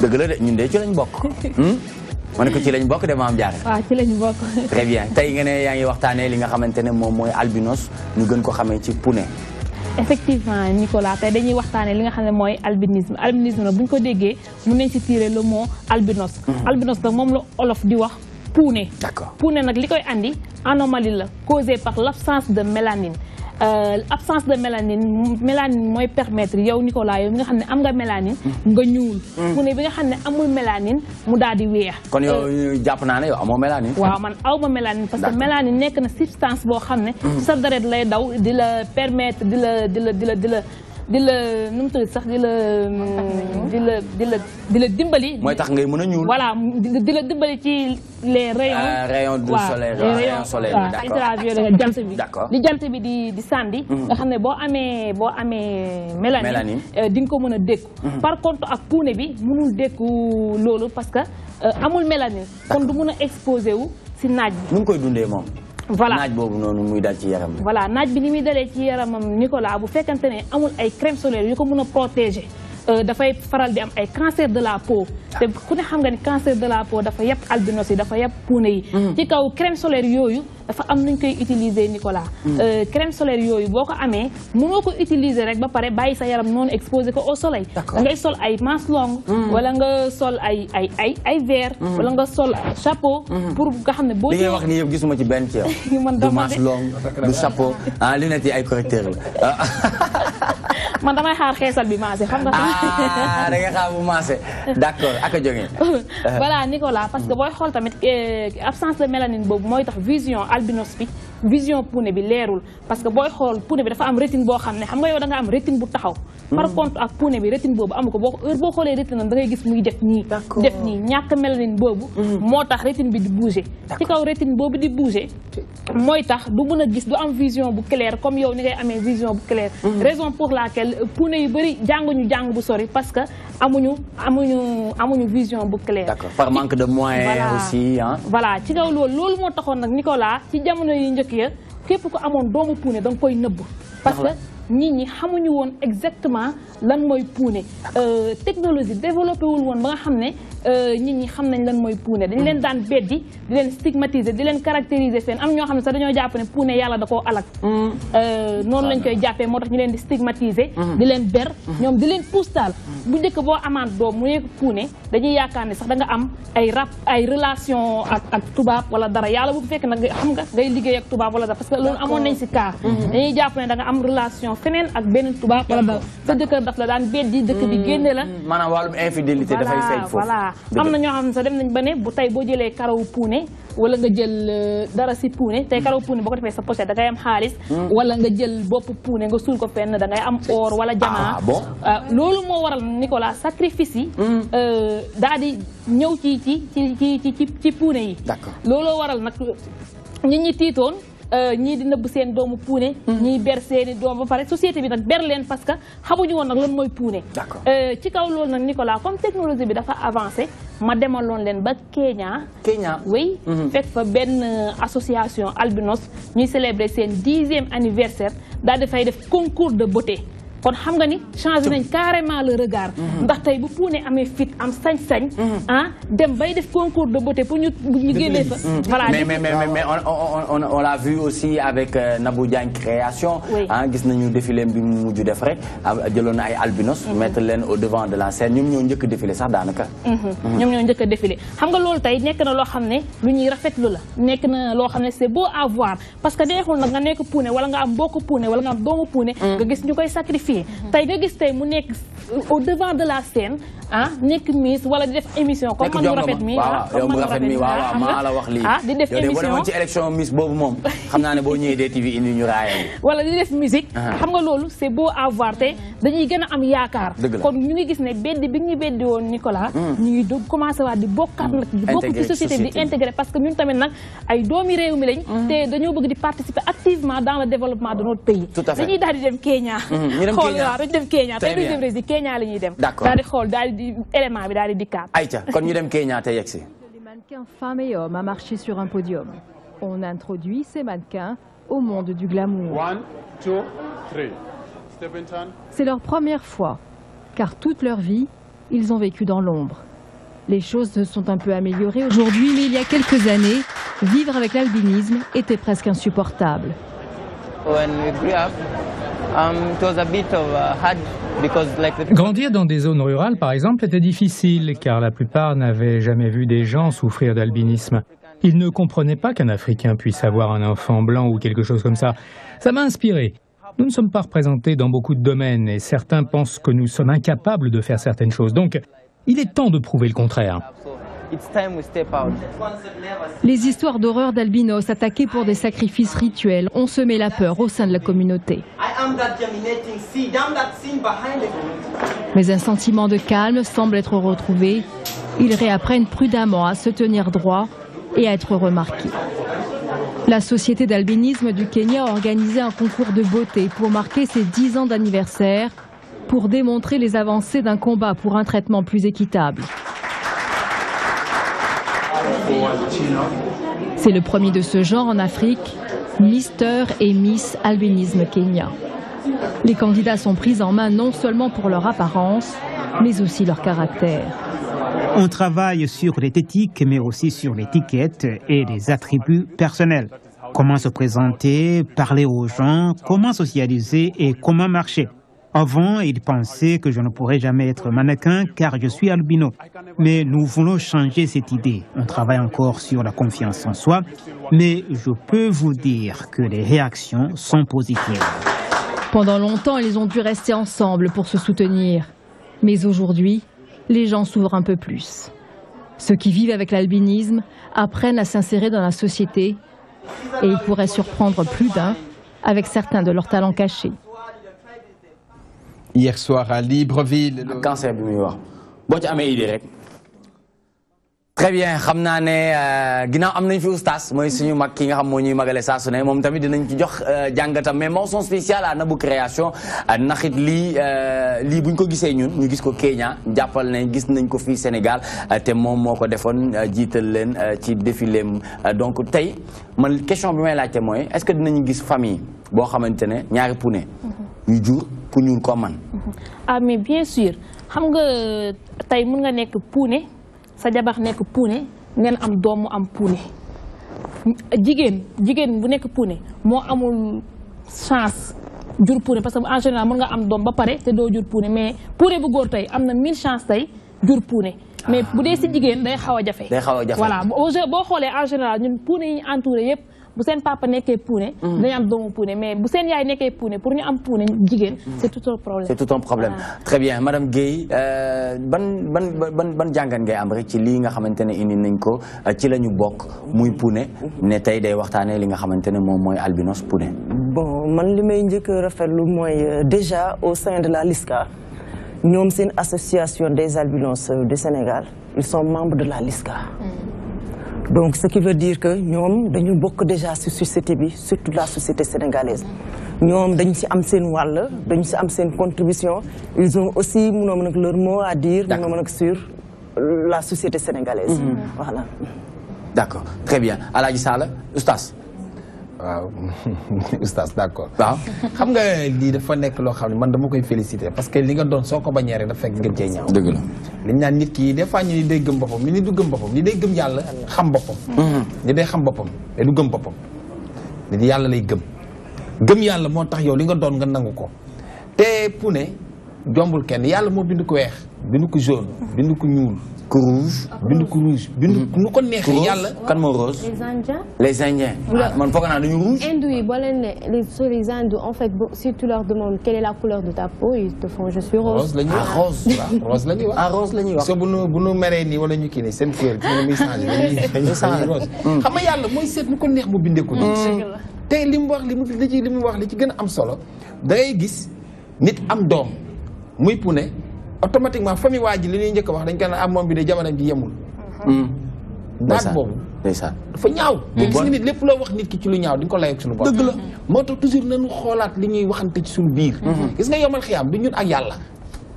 dëgg la ñun de ci lañ bok hmm mané ko ci lañ bok dé ma am Diarra. waaw ci lañ bok très bien tay nga né yaa ngi waxtaanee li nga xamante mom moy albinos ñu gën ko xamé ci pune. effectivement Nicolas tay dañuy waxtané li nga xamné moy albinisme albinisme nag bu ko déggé mun nañ ci tirer le mot albinos. Mhm. albinos nag mom la olof di wax puune. d'accord puune nak likoy andi anomalie la causée par l'absence de mélanine. Euh, absence de mélanine mélanine mooy permettre yow Nicolas yow mi nga xam ne am nga mélanine nga ñuul mm. bi nga xam ne amul mélanine mu daal di weex kon yow euh, jàpp naa ne yow amoo mélanine waaw man aw ma mélanine parce que mélanine nekk na substance boo xam ne mm. sa deret lay daw di la permettre di la di la di la di la di la nu sax di la. dimbali. moy tax ngay meuna ñuul. voilà di dimbali ci les rayons. Ah, rayons du soleil rayons soleil d'accord d'accord ultraviolet jant bi. d' li jant bi di di sànni. Mhm. nga xamné bo amé bo amé amee. mélanine euh, di nga ko meuna a mhm. par contre ak puune bi mënu dékku lolu parce que euh, amul mélanine kon du meuna exposer wu ci naaj bi. koy dundé mom voilà naaj boobu noonu muy dal ci yaram voilà naaj bi ni muy dalee ci yaramam Nicolas bu fekkante ne amul ay crème solaire yu ko mën a protéger euh, dafay faral di am ay cancer de la peau te ku ne xam nga ni cancer de la peau dafa yàpp albinos yi dafa yàpp puune yi hmm. ci kaw crème solaire yooyu dafa am nañ koy utiliser Nicolas. Mm. Euh, crème solaire boko amé utiliser rek ba pare sa yaram exposé au soleil. ngay sol ay mm. wala nga sol ay mm. chapeau. pour nga xamné wax ni chapeau ah ay correcteur man bi ah d'accord ak voilà Nicolas parce que tamit euh, absence de mélanine bobu vision. albinos bi vision pouné bi leerul parce que boy xol pouné bi dafa am rétine bo xamné ne xam nga yow da nga am rétine bu taxaw mm. par contre ak pouné bi rétine bobu am ko bo heure boo xoolee rétine da ngay gis muy def ni def ni ñàkk mélanine boobu mm. moo rétine bi di bouger ci kaw rétine bobu di bouger moy tax du mën gis du am vision bu claire comme yow ni ngay amé vision bu claire mm. raison pour laquelle pouné yu bëri jànguñu jang bu sori parce que amuñu amuñu amuñu vision bu claire d'accord par manque de moyens aussi hein. voilà ci kaw loolu loolu moo taxoon nag Nicolas ci jamono yi que pourquoi képp que amoon donc puune un parce que nit ñi xamuñu woon exactement lan mooy puune euh, technologie développé wul woon ba nga xam ne euh, nit ñi xam nañ lan mooy puune dañ leen daan beddi di leen stigmatiser di leen caractériser seen am ñoo xam ne sax dañoo jàpp ne puune yàlla da koo alak mm. euh, non lañ koy jàppee moo tax ñu leen di stigmatiser mm-hmm. di leen ber mm-hmm. ñoom di leen puus daal bu njëkk boo amaan doom mu nekk puune dañuy yaakaar ne sax da nga am ay rap ay relation ak ak tubaab wala dara yàlla bu fekk nag xam nga ngay liggéey ak tubaab wala dara parce que loolu amon nañ si cas mm-hmm. dañuy jàpp ne da nga am relation feneen ak beneen tubaab wala ba sa dëkkër ndax la daan beddi dëkk bi génn la maanaam wàllum infidélité dafay feeñ foofu voilà am na ñoo xam sa dem nañ ba bu tey boo jëlee karaw puune wala nga jël dara si puune tey karaw puune boo ko defee sa poche da ngay am xaalis wala nga jël bopp puune nga suul ko fenn da ngay am or wala jama ah bon eh, loolu moo waral Nicolas sacrifice hmm. eh, yi daa di ñëw ci ci ci ci ci yi d' waral nag nit ñi tiitoon Euh, ñi di nëbb seen doomu puune mhm. ñiy ber seeni doom ba pare société bi nak ber len parce que xamuñu won nak lan mooy euh ci kaw loolu nak Nicolas comme technologie bi dafa avancer ma demaloon len ba Kenya Kenya oui mhm. fek fa ben association albinos ñuy célébrer seen dixième anniversaire di fay def concours de beauté kon xam nga ni changer nañ carrément le regard. Mhm. ndax tay bu puune amé fit am sañ-sañ. hein dem bay def concours de beauté pour ñu ñu génnee fa. Mhm. voilà mais mais mais on on on on l'a vu aussi avec euh, Nabou Diagne création. hein gis nañu défilé bi mu muju def rek ah, jëloon na ay albinos. mettre leen au devant de la scène ñom ñoo ñëk a défilé sax danaka ñom ñoo ñëk a défilé xam nga lool tay nek na lo xamné lu ñuy lu la nek na lo xamné c'est beau à voir parce que neexul nak nga nek puune wala nga am mbokk puune wala nga am doomu puune. nga gis ñu koy fii păi tey nga gis tey au devant de la scenă. ah nekk miss wala di def émission comme man rafet mi waaw ah, yow rafet mi waaw ma maa la wax li ah di def émission ci élection miss bobu mom xamna né bo boo dé TV indi ñu raayé wala di def musique ah. xam nga lolu c'est beau à voir te ah. dañuy gëna am yaakar kon ñu ngi gis né beddi bi ñu beddi woon Nicolas hmm. ñu ngi doog commencé wa di bokkaat nag di bokk ci société bi intégrer parce que ñun tamit nak ay doomi réew mi lañ hmm. té dañoo bëgg di participer activement dans le développement de notre pays dañuy daal di dem Kenya hmm, xool waaw dañu dem Kenya tey duñ dem Brésil Kenya la ñuy dem daal di xol daal les mannequins femmes et hommes a marché sur un podium. On introduit ces mannequins au monde du glamour. One, two, three. C'est leur première fois, car toute leur vie, ils ont vécu dans l'ombre. Les choses se sont un peu améliorées aujourd'hui, mais il y a quelques années, vivre avec l'albinisme était presque insupportable. When we grew up, um, it was a bit of hard Grandir dans des zones rurales, par exemple, était difficile, car la plupart n'avaient jamais vu des gens souffrir d'albinisme. Ils ne comprenaient pas qu'un Africain puisse avoir un enfant blanc ou quelque chose comme ça. Ça m'a inspiré. Nous ne sommes pas représentés dans beaucoup de domaines et certains pensent que nous sommes incapables de faire certaines choses. Donc, il est temps de prouver le contraire. Les histoires d'horreur d'albinos attaqués pour des sacrifices rituels ont semé la peur au sein de la communauté. Mais un sentiment de calme semble être retrouvé. Ils réapprennent prudemment à se tenir droit et à être remarqués. La Société d'albinisme du Kenya a organisé un concours de beauté pour marquer ses 10 ans d'anniversaire, pour démontrer les avancées d'un combat pour un traitement plus équitable. C'est le premier de ce genre en Afrique, Mister et Miss albinisme Kenya. Les candidats sont pris en main non seulement pour leur apparence, mais aussi leur caractère. On travaille sur l'éthique, mais aussi sur l'étiquette et les attributs personnels. Comment se présenter, parler aux gens, comment socialiser et comment marcher. Avant, ils pensaient que je ne pourrais jamais être mannequin car je suis albino. Mais nous voulons changer cette idée. On travaille encore sur la confiance en soi, mais je peux vous dire que les réactions sont positives. Pendant longtemps, ils ont dû rester ensemble pour se soutenir. Mais aujourd'hui, les gens s'ouvrent un peu plus. Ceux qui vivent avec l'albinisme apprennent à s'insérer dans la société et ils pourraient surprendre plus d'un avec certains de leurs talents cachés hier soir à Libreville. Le... cancer bi muy wax boo ci amé idée rek. très bien xamna né euh ginaaw am nañ fi oustaz moy suñu mag ki nga xam mo ñuy magalé saa su mom tamit dinañ ci jox euh, jangata mais mention spéciale à Nabou Création naxit euh li buñ ko gisé ñun ñu gis ko Kenya jappal ne gis nañ ko fi Sénégal euh, té mom moko ko jital euh, jiital leen ci défilé donc tay man question bi may laajte moy est-ce que dinañ gis famille bo xamanténé ñaari pouné ñu mhm. jur ku ñuul ko man. ah mais bien sûr xam nga nek mun nga nek puune sa jabax nekk puune ngeen am doom am puune Jigen, jigen bu nek puune mo amul chance jur puune parce que en général mun nga am doom ba pare te do jur puune mais pouré bu góor tey am na chance tay jur puune. mais bu dee si jigéen day xaw a jafe. day xaw a voilà boo boo en général ñun puune yi entouré Mm-hmm. mais mm-hmm. c'est tout un problème très bien madame Gaye, ben, euh, ban ban ban jangan ngay am nga li nga albinos dit bon man euh, déjà au sein de la LISCA sommes une association des albinos euh, du Sénégal ils sont membres de la LISCA donc ce qui veut dire que nous, avons bokk déjà la société surtout la société sénégalaise Nous, avons aussi une seen contribution ils ont aussi leur mot à dire sur la société sénégalaise mm-hmm. voilà d'accord très bien la Sall waaw oustaz d'accord. waaw ah. xam nga lii dafa nekk loo xam ne man dama koy féliciter parce que li nga doon soo ko bañee rek dafa fekk ngeen cee ñaaw. dëgg la liñ naan nit ki des fois ñu ni day gëm boppam li ni du gëm boppam li day gëm yàlla xam boppam. li mm-hmm. day xam boppam te du gëm boppam. li yàlla lay gëm. gëm yàlla moo tax yow li nga doon nga nangu ko te pu jombul kenn yàlla moo bind ko weex bind ko jaune bind ko ñuul. rouge. rouge mm-hmm. les indiens. les indiens ah, les si tu leur demandes quelle est la couleur de ta peau ils te font je suis rose. rose ah, rose ah, rose la rose. automatiquement famille waa ji li ñuy njëkk wax dañ koy naan am ah moom bi de jamono ji yemul. Hmm. baat boobu. ndeysaan dafa ñaaw. te gis nga nit lépp loo wax nit ki ci lu ñaaw di nga ko lay ak suñu dëgg la moo tax toujours nañu xoolaat li ñuy waxante ci suñu biir. Hmm. gis nga yomal xiyaam du ñun ak yàlla.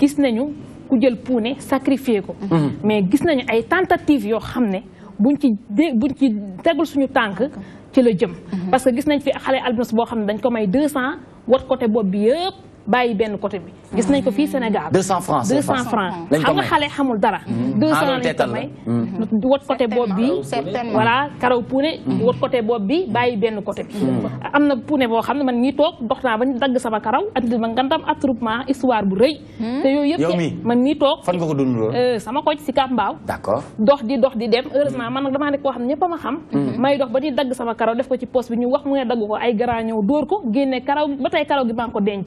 gis nañu ku jël puune sacrifié ko. Mmh. mais gis nañu ay tentatives yoo xam ne buñ ci dé buñ ci tegul suñu tànk ci la jëm. Mmh. parce que gis nañ fi xale albinos boo xam ne dañ ko may deux cent wat côté bopp bi yëpp. bàyyi benn coté bi gis nañ ko fii Sénégal. 200 francs 200 francs xam nga xale xamul dara. 200 hmm. lañ ko may wat hmm. côté bopp bi. voilà karaw puune. Hmm. wat côté bopp bi bàyyi benn côté bi. am na puune boo xam ne man ñii toog dox naa ba ñu dagg sama karaw andil ma ngandam attroupement histoire bu rëy. te yooyu yëpp man ñii toog. fan nga ko dund lool euh, sama koñ si Kambaaw. d'accord dox di dox di dem heureusement man nag nekk koo xam ne a xam. may dox ba ñuy dagg sama karaw def ko ci poste bi ñu wax mu ne dagg ko ay garaañoo dóor ko génne karaw ba tey karaw gi maa ko denc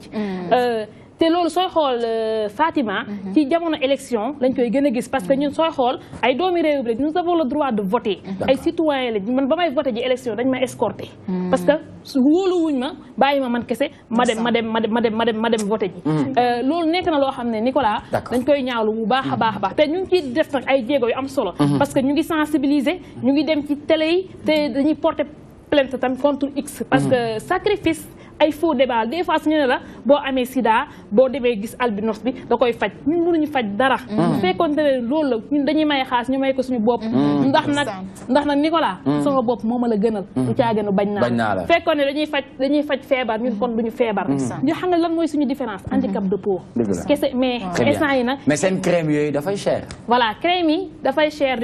Euh, te lolu soy xol euh, Fatima. Mhm. ci jamono élection lañ koy gëna gis parce que ñun soy xol ay doomi réew bi lañ nous avons le droit de voter. ay citoyen lañ man bamay voter ji élection dañ ma escorter. Mhm. parce que wóoluwuñ ma bayima man kessé ma dem ma dem ma dem ma dem ma dem voter ji. Mhm. euh lolu nekk na lo xamné Nicolas. dañ koy ñaawlu bu baax a baax a baax te ñu ci def nag ay djégo yu am solo. parce que ñu ngi sensibiliser ñu ngi dem ci télé yi té dañuy porter plainte tam contre X. parce que sacrifice ay faux débat des fois ñu la bo amé sida bo démé gis albinos bi da koy fajj ñun mënuñu fajj dara su mm. a loolu ñun dañuy may xaas ñu may ko suñu bopp mm. ndax nak ndax nak Nicolas mm. sama bopp moma la gënal du bañ na dañuy fajj dañuy fajj fébar ñun kon duñu fébar ñu xam nga lan moy suñu différence mm-hmm. handicap de peau mais yi mais crème cher voilà crème yi cher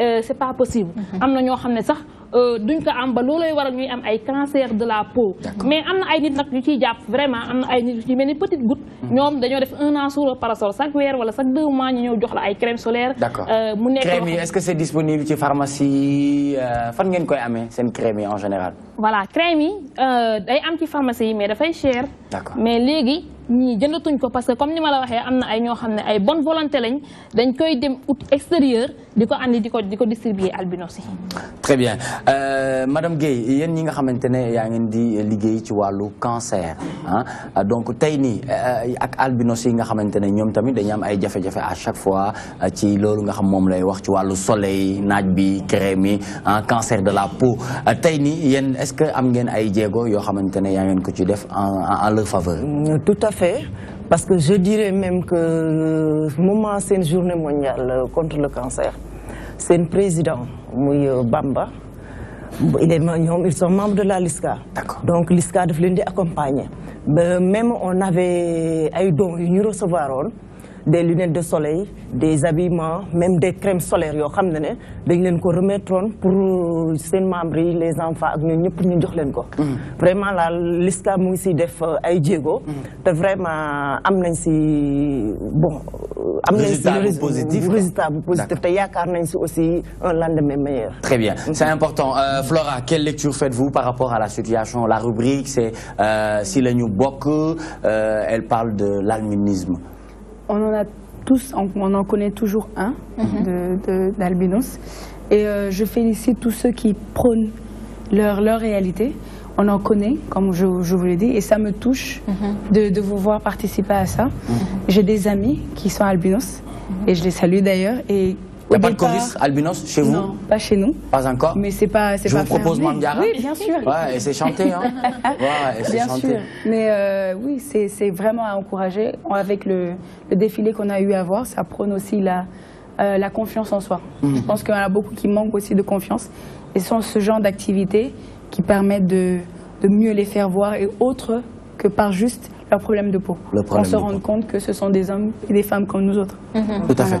euh, c'est pas possible mhm. am na ñoo xamné ne sax euh, duñ ko am ba loolooy waral ñuy am ay cancer de la peau mais am na ay nit nak ñu ci japp vraiment am na ay nit yu ci mel petite goutte mhm. ñom dañu def un an sur parasol chaque weer wala chaque deux mois ñu jox la ay crème solaire euh, mu nekk crème est-ce que c'est disponible ci pharmacie fan ngeen koy amé sen crème en général voilà crème yi day am ci pharmacie mais da fay cher mais légui ñii jëndatuñ ko parce que comme ni ma la waxee am na ay ñoo xam ne ay bonne volonté lañ dañ koy dem ut extérieur di ko andi di ko di ko distribuer albinos yi. très bien euh, madame Gueye yéen ñi nga xamante ne yaa ngi di liggéey ci wàllu cancer ah donc tey nii euh, ak albinos yi nga xamante ne ñoom tamit dañu am ay jafe-jafe à chaque fois euh, ci loolu nga xam moom lay wax ci wàllu soleil naaj bi crème yi ah cancer de la peau tey nii yéen est ce que am ngeen ay jéego yoo xamante ne yaa ngeen ko ci def en leur faveur. tout à parce que je dirais même que ce moment c'est une journée mondiale euh, contre le cancer. C'est un président, Mouy euh, Bamba. ils sont membres de la LISCA. Donc LISCA de les accompagner. Même on avait eu une euro recevoir des lunettes de soleil des habillements même des crèmes solaires Yo, xam ne pour membres les enfants ak ñu jox mm. vraiment la liste mu est si euh, mm. vraiment am si bon am nañ résultat positif Et il y aussi un lendemain meilleur très bien mm-hmm. c'est important euh, Flora quelle lecture faites-vous par rapport à la situation la rubrique c'est euh, si la ñu Euh, elle parle de l'albinisme on en a tous, on, en connaît toujours un mhm. d'albinos. Et euh, je félicite tous ceux qui prônent leur, réalité. On en connaît, comme je, je vous l'ai dit, et ça me touche mhm. de, vous voir participer à ça. Mhm. J'ai des amis qui sont albinos, et je les salue d'ailleurs, et il n'y a pas de albinos chez vous Non, pas chez nous. Pas encore Mais c'est pas Je pas vous propose Mambiara Oui, bien sûr. Ouais, et c'est chanté. Hein. bien sûr. Mais euh, oui, c'est vraiment à encourager. Avec le, le défilé qu'on a eu à voir, ça prône aussi la, euh, la confiance en soi. Hmm. Je pense qu'il y en a beaucoup qui manquent aussi de confiance. Et ce sont ce genre d'activités qui permettent de, de mieux les faire voir et autres que par juste leur problème de peau. Problème On se rend compte que ce sont des hommes et des femmes comme nous autres. Tout à fait.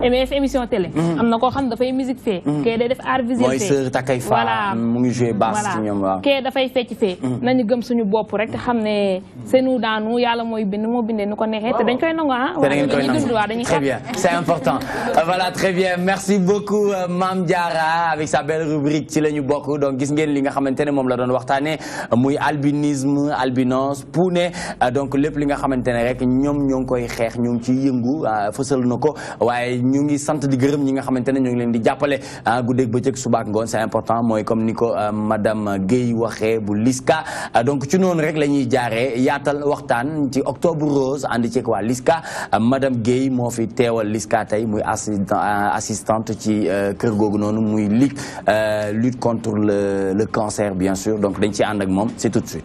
mais émission télé. Mhm. am na koo xam dafay musique fee. Mhm. kee day def art visuel fee. mooy sër takay fa mu ngi basse ci ñoom waaw. kee dafay fecc fee. Mhm. nañu gëm suñu bopp rek te xam ne seenu daanu yàlla mooy bind moo bindee nu ko neexee te dañ koy nangu ah. te très bien c'est important euh, voilà très bien merci beaucoup euh, Mam Diarra avec sa belle rubrique ci la ñu bokk donc gis ngeen li nga xamante ne moom la doon waxtaanee muy albinisme albinos puune euh, donc lépp li nga xamante ne rek ñoom ñoo ngi koy xeex ñoo ngi ciy yëngu fësal na ko waaye. ñu ngi sant di gërëm ñi nga xamante ne ñoo ngi leen di jàppale ah, guddeeg bëccëg subaak ngoon c'est important mooy comme ni ko euh, madame Guèye waxee bu Liska ah, donc ci noonu rek la ñuy jaaree yaatal waxtaan ci octobre rose ànd ceeg waa Liska ah, madame Guèye moo fi teewal Liska tey muy euh, assistante ci euh, kër googu noonu muy ligue lutte contre le le cancer bien sûr donc dañ ci ànd ak moom c'est tout de suite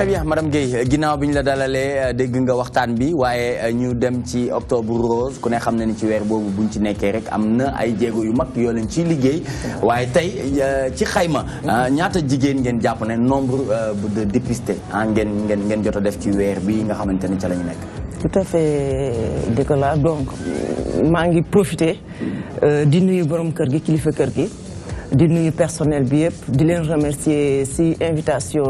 très bien madame Guèye ginnaaw bi ñu la dalalee euh, dégg nga waxtaan bi waaye euh, ñu dem ci octobre rose ku ne xam na ni ci weer boobu buñ ci nekkee rek am na ay jéego yu mag yoo leen ciy liggéey waaye tey euh, ci xayma ñaata jigéen ngeen jàpp ne nombre de dépisté ah ngeen ngeen ngeen jot a def ci weer bi nga xamante ne ca la nekk. tout à fait Nicolas donc maa ngi profité di nuyu borom kër gi kilifa kër gi de nuyu personnel BIEP, yëpp di remercier si invitation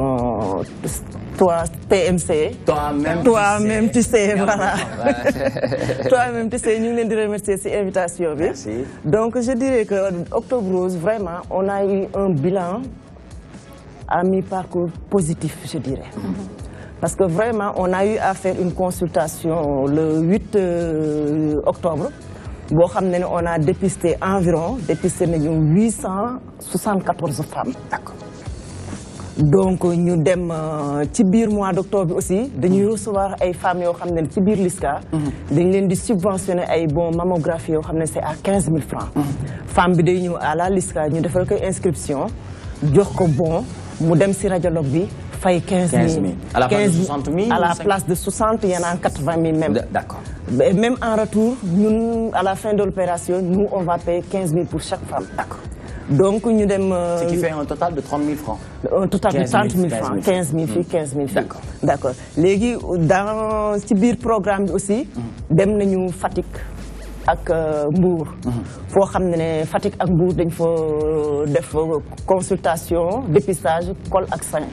toi PMC. toi-même toi-même tu sais voilà. toi-même tu sais Nous les remercier si invitation donc je dirais que Octobre Rose vraiment on a eu un bilan à mi-parcours positif je dirais. Mhm. Parce que vraiment on a eu à faire une consultation le 8 euh, octobre. On a dépisté environ 874 femmes. Donc, nous sommes dans mois d'octobre aussi. Nous reçu des femmes qui sont dans le l'ISCA. Nous avons subventionné des mammographies à 15 000 francs. Les mhm. femmes qui à l'ISCA, nous ont fait une inscription. Nous avons fait un bon, nous fay 15 000. 15 000. À la place de 60 000 À la place de 60, il y en a 80 000 même. D'accord. Même en retour, nous, à la fin de l'opération, nous, on va payer 15 000 pour chaque femme. D'accord. Donc, nous euh, Ce qui fait un total de 30 000 francs. Un total de 30 000, francs. 15 000 filles, 15 000 filles. D'accord. D'accord. Dans ce programme aussi, nous mm. une fatigue ak euh, Mbour. Mhm. fo xamné ne la ak Mbour dañ fo euh, def euh, consultation dépistage col ak sang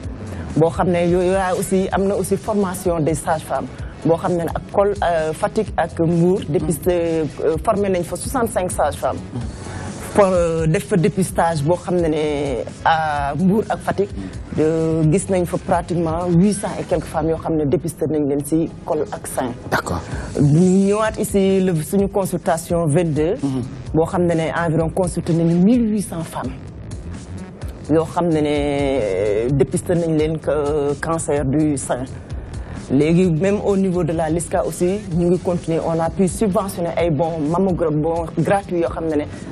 bo xamné yoy aussi amna aussi formation des sages-femmes bo xamné ak col fatik ak Mbour. dépiste mhm. formé nañ fo 65 sages-femmes. Mhm. Pour euh, def le dépistage il y a pratiquement 800 et quelques femmes qui ont été dépisté nañ le ci col ak sein. d'accord ici le suñu consultation 22. nous xamné né environ consulté femmes. qui ont été dépistées dépisté le euh, cancer du sein. Les même au niveau de la LISCA aussi nous ngi on a pu subventionner ay bons mammographes bons gratuits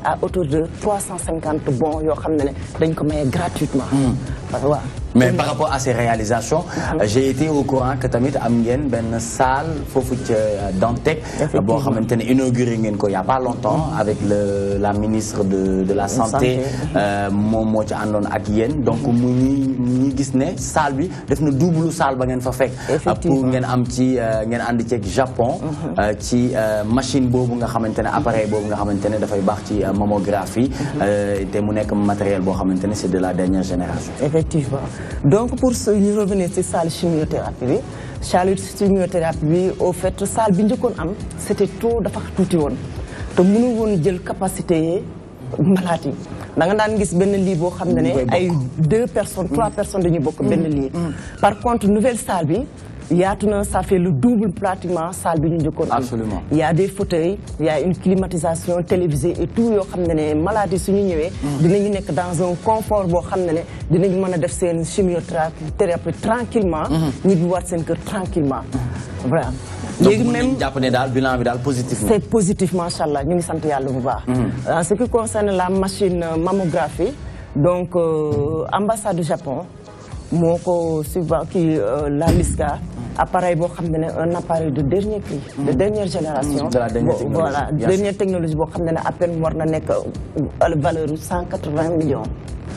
à autour de 350 bons donc gratuitement hmm mais par rapport à ces réalisations mhm. euh, j'ai été au courant que tamit am ben benn salle foofu ca euh, Dantec boo xamante ne inauguré ngeen ko il y a pas longtemps mhm. avec le la ministre de de la santé euh, moom moo ci àndoon ak yéen donc mhm. mu ñuy ñi gis ne salle bi def na double salle ba ngeen fa fekk pour ngeen am ci ngeen ànd ceeg Japon ci machine boobu nga xamante ne appareil boobu nga xamante ne dafay baax ci mammographie te mu nekk matériel boo xamante ne c'est de la dernière génération effectivement donc pour ce, revenons revenir la salle chimiothérapie bi salle chimiothérapie au fait salle bi njëkkoon am c' tout dafa tuuti woon te mënu woon jël capacité yi malaat yi da nga daan gis benn lii boo xam ne ne ay deux personnes trois personnes dañuy bokk benn lii mm. par contre nouvelle salle Yatuna, ça fait le double pratiquement salle bi ñu absolument il y a des fauteuils il y a une climatisation télévisée et tout Yo, xam ne ne suñu ñëwee mm. dinañu nekk dans un confort Ils ont ne ne dinañu mën def seen chimiothérapie tranquillement mm-hmm. ñibbi waat seen tranquillement mm-hmm. voilà léegi même jàpp ne bilan bi positif c'est positif macha allah ñu ngi train de bu mm-hmm. euh, en ce qui concerne la machine euh, mammographie donc euh, ambassade du Japon moo qui suivant kii la appareil boo xam ne un appareil de dernier cri. de hmm. dernière génération. de la dernière technologie voilà dernière technologie boo xam ne à peine war na nekk euh, valeur bu cent quatre-vingts millions.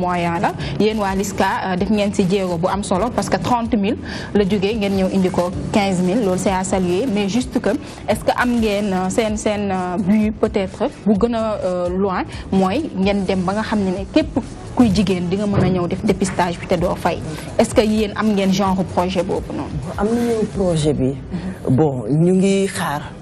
moyen la wa waa LISCA euh, def ngeen ci jéego bu am solo parce que 30 000 la jógee ngeen ñëw indi ko 15 000 loolu c'est à saluer mais juste que est-ce que am ngeen euh, sen sen euh, but peut-être bu gëna loin moy ngeen dem ba nga xam né képp kuy jigéen di nga mëna a def dépistage bi té do fay est-ce que yeen am ngeen genre projet boobu non am nañu projet bi. bon ñu ngi xaar.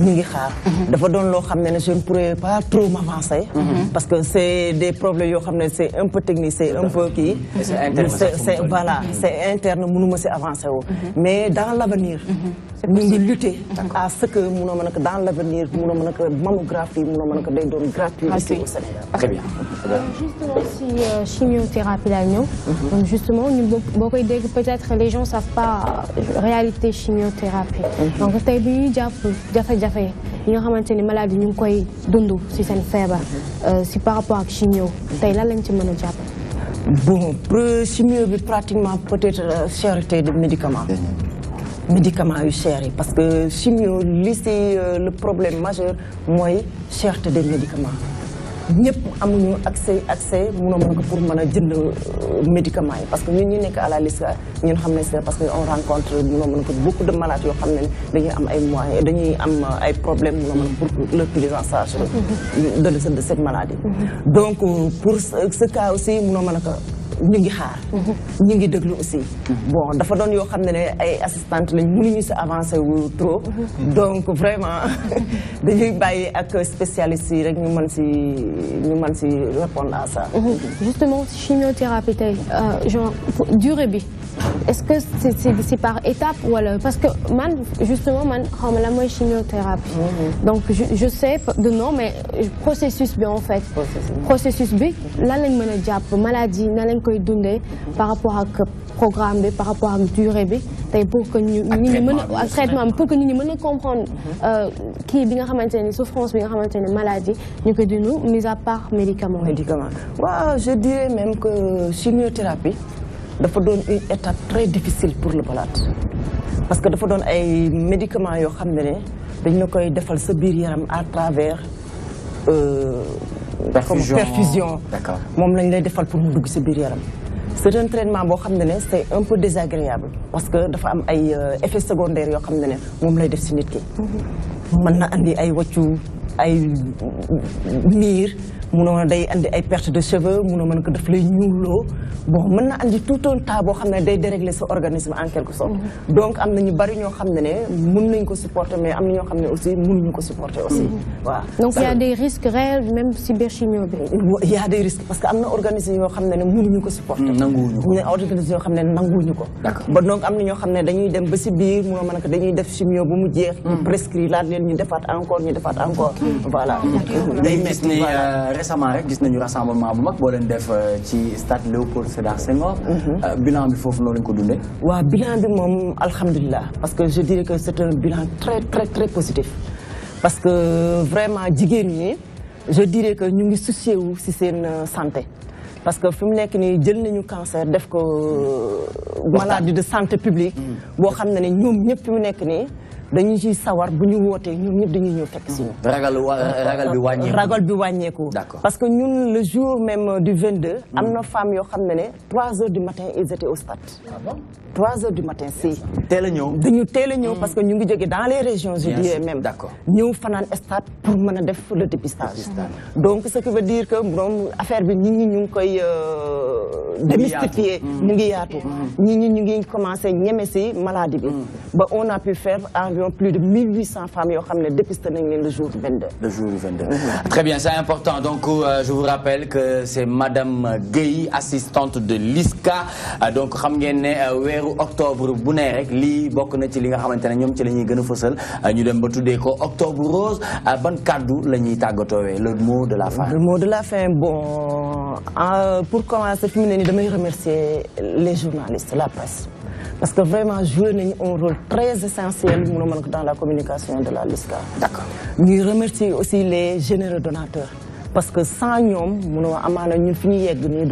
Mhm. je ne pourrais pas trop m'avancer. Mhm. parce que c'est des problèmes qui un peu technique c'est un peu qui c'est interne voilà mhm. C'est interne nous avancer mais dans l'avenir nous lutter à ce que nous avons dans l'avenir, nous avons mammographie nous avons a ko très euh, bien justement si euh, chimiothérapie là, nous, mhm. donc justement beaucoup d'idées peut-être les gens savent pas euh, réalité chimiothérapie mhm. donc c'est bi ñuy jàpp jafe-jafe yi nga xamante maladie nous ngi koy dund si seen feebar si par rapport ak chimio C'est lan lañ ci mën a Bon, bon chimio bi pratiquement peut-être sécurité de médicaments mhm médicaments yu cher parce que chimio li euh, le problème majeur moy cherte des médicaments nous amuñu accès accès munoo mëna pour mëna jënd euh, médicaments parce que ñun ñi nek à la liste ñun xamné c'est parce que on rencontre beaucoup de malades yo xamné dañuy am ay moyens dañuy am euh, ay problèmes pour le prise en charge de cette maladie mm-hmm. donc pour ce cas aussi nous mëna ko ñu ngi xaar. Mhm. ñu ngi déglu aussi. Mhm. bon dafa doon yoo xam ne ne ay assistante lañ mënuñu si avancer wu trop. Mhm. donc vraiment dañuy bàyyi ak spécialiste yi rek ñu mën si ñu mën si répondre à ça. justement chimiothérapie tey euh, genre durée bi est-ce que c'est par étape wala parce que man justement man xaw ma la mooy chimiothérapie. donc je sais de nom mais processus bi en fait. processus bi lan lañ mën a jàpp maladie nan lañ koy dundé par rapport à programme bi par rapport à durée bi pour que ñu ñu ñu ak traitement pour que ñu ñu mën a qui mhm. euh, kii bi nga xamante souffrance bi nga xamante maladie ñu ko nous mis à part médicaments médicaments waaw je dirais même que chimiothérapie dafa donne une étape très difficile pour le malade parce que dafa donne ay médicaments yo xamné dañ la koy sa biir yaram à travers euh, perfusion perfusion. d'accord moom lañ lay defal pour mu dugg si biir yaram. c'est un traitement boo xam c'est un peu désagréable parce que dafa am ay euh, effets secondaires yo xam mom lay def ci nit ki. Mhm. mën na andi ay wàccu. ay miir munoo day andi ay perte de cheveux munoo mën ko daf lay ñuuloo bon mën na andi tout un tas xam ne day dérégler sa organisme en quelque sorte. Mm-hmm. donc am na ñu bari ñoo xam ne ne mun nañ ko supporter mais am na ñoo xam ne aussi mënuñu ko supporter aussi. waaw mm-hmm. donc y a des risques yoo xam ne ne mënuñu ko supporter. Mm, nanguwuñu ko organisme yoo xam ne nanguwuñu ko. ba donc am na ñoo xam ne dañuy dem ba si biir munoo mën ko dañuy def chimio bu mu jeex. ñu mm-hmm. prescrit laat leen ñu defaat encore ñu defaat encore. voilà Mais euh, récemment rassemblement euh, stade Léopold Sédar Senghor. Mhm. Euh, bilan bi Fofu, bilan parce que je dirais que c'est un bilan très très très positif parce que vraiment je dirais que nous ngi soucions wu si une santé. parce que cancer de santé publique. Mhm. Nous dañu ci sawar buñu woté ñun ñëp dañu ñëw tek ci ñu. ragal ragal bi wàññeeku ragal bi wàññeeku. d'accord parce que ñun le jour même du 22. Mm. amna femme yo xamné xam 3 h du matin ils étaient au stade. ah bon 3 h du matin si. teel a ñëw dañu teel a ñëw mm. parce que ñu ngi jógee dans les régions. je dis même d'accord ñëw fanaan stade pour mëna def le dépistage. donc ce qui veut dire que bon affaire bi ñi ñi ñu ngi koy. démystifier euh, ñi ngi yaatu. Mm. ñi ñi ñu ngi commencé ñëmé ci maladie bi. ba on a pu faire plus de 1800 femmes ont dépisté le jour 22. le jour 22. très bien c'est important donc euh, je vous rappelle que c'est madame Gueye, assistante de l'ISCA euh, donc xam savez, ne euh, weeru octobre bu ne rek lii bokk na ci li nga xamante ñom ci lañuy ñuy gën ñu dem ba ko octobre rose ban lañuy le mot de la fin. le mot de la fin bon pour commencer fi mu remercier les journalistes la presse. Parce que vraiment, jouer un rôle très essentiel dans la communication de la LISCA. D'accord. Nous remercions aussi les généreux donateurs. Parce que sans eux, nous avons fini de nous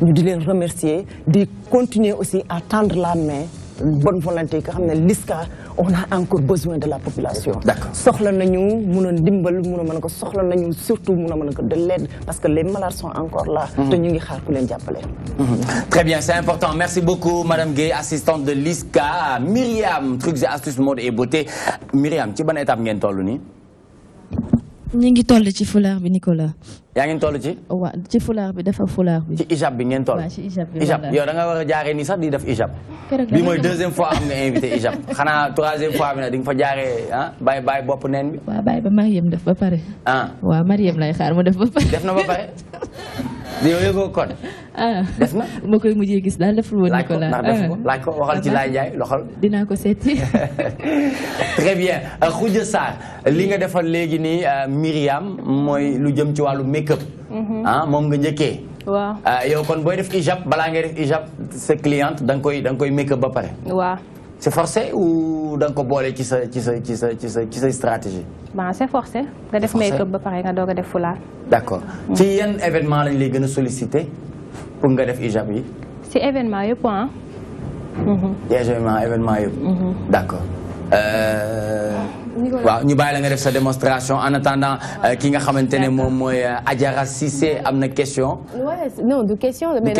Nous devons remercier, de continuer aussi à tendre la main bonne volonté yi LISCA on a encore besoin de la population. d'accord soxla nañu nous dimbal surtout de l'aide parce que les malades sont encore là. Mhm. Mhm. très bien c'est important merci beaucoup madame Gay, assistante de LISCA Myriam trucs et astuces mode et beauté Myriam ci ban étape ngeen toll ñi ngi toll lah, ci foulard bi Nicolas ya ngi toll lah, ci oh, wa ci foulard bi dafa foulard bi ci ijab bi ngeen toll lah. ci ijab bi ijab da nga wara jaaré ni sax di def ijab bi moy deuxième fois am nga invité ijab xana troisième fois bi na ding fa jaaré han bay bay bop neen bi wa bay ba mariam def ba paré han wa mariam lay xaar mu def ba paré def na ba paré di oyo ko kon. Desna. Mako mu jigi gis dal def lu won ko la. Laj ko waxal ci lay jay loxal. Dina ko setti. Très bien. Euh, Khouja sa li nga defal legui ni euh, Miriam moy lu jëm ci walu makeup. Hmm. Mom nga ñëkke. Waaw. Euh, Yow kon boy def hijab bala nga def hijab sa cliente dang koy dang koy makeup ba pare. Waaw. c'est forcé ou donc nga ko qui ci qui ci qui ci qui ci qui ci stratégie. Bah c'est forcé. nga def make-up ba pare nga doog a def fulaar. d'accord mm. ci yenn événement lañ lay gën solliciter pour nga def hijab yi. ci événement yëpp ah. Hein. événement événement yëpp. Mm-hmm. d'accord. Euh, waaw ñu bàyyi la sa démonstration en attendant euh, euh, question. non de question ah, mais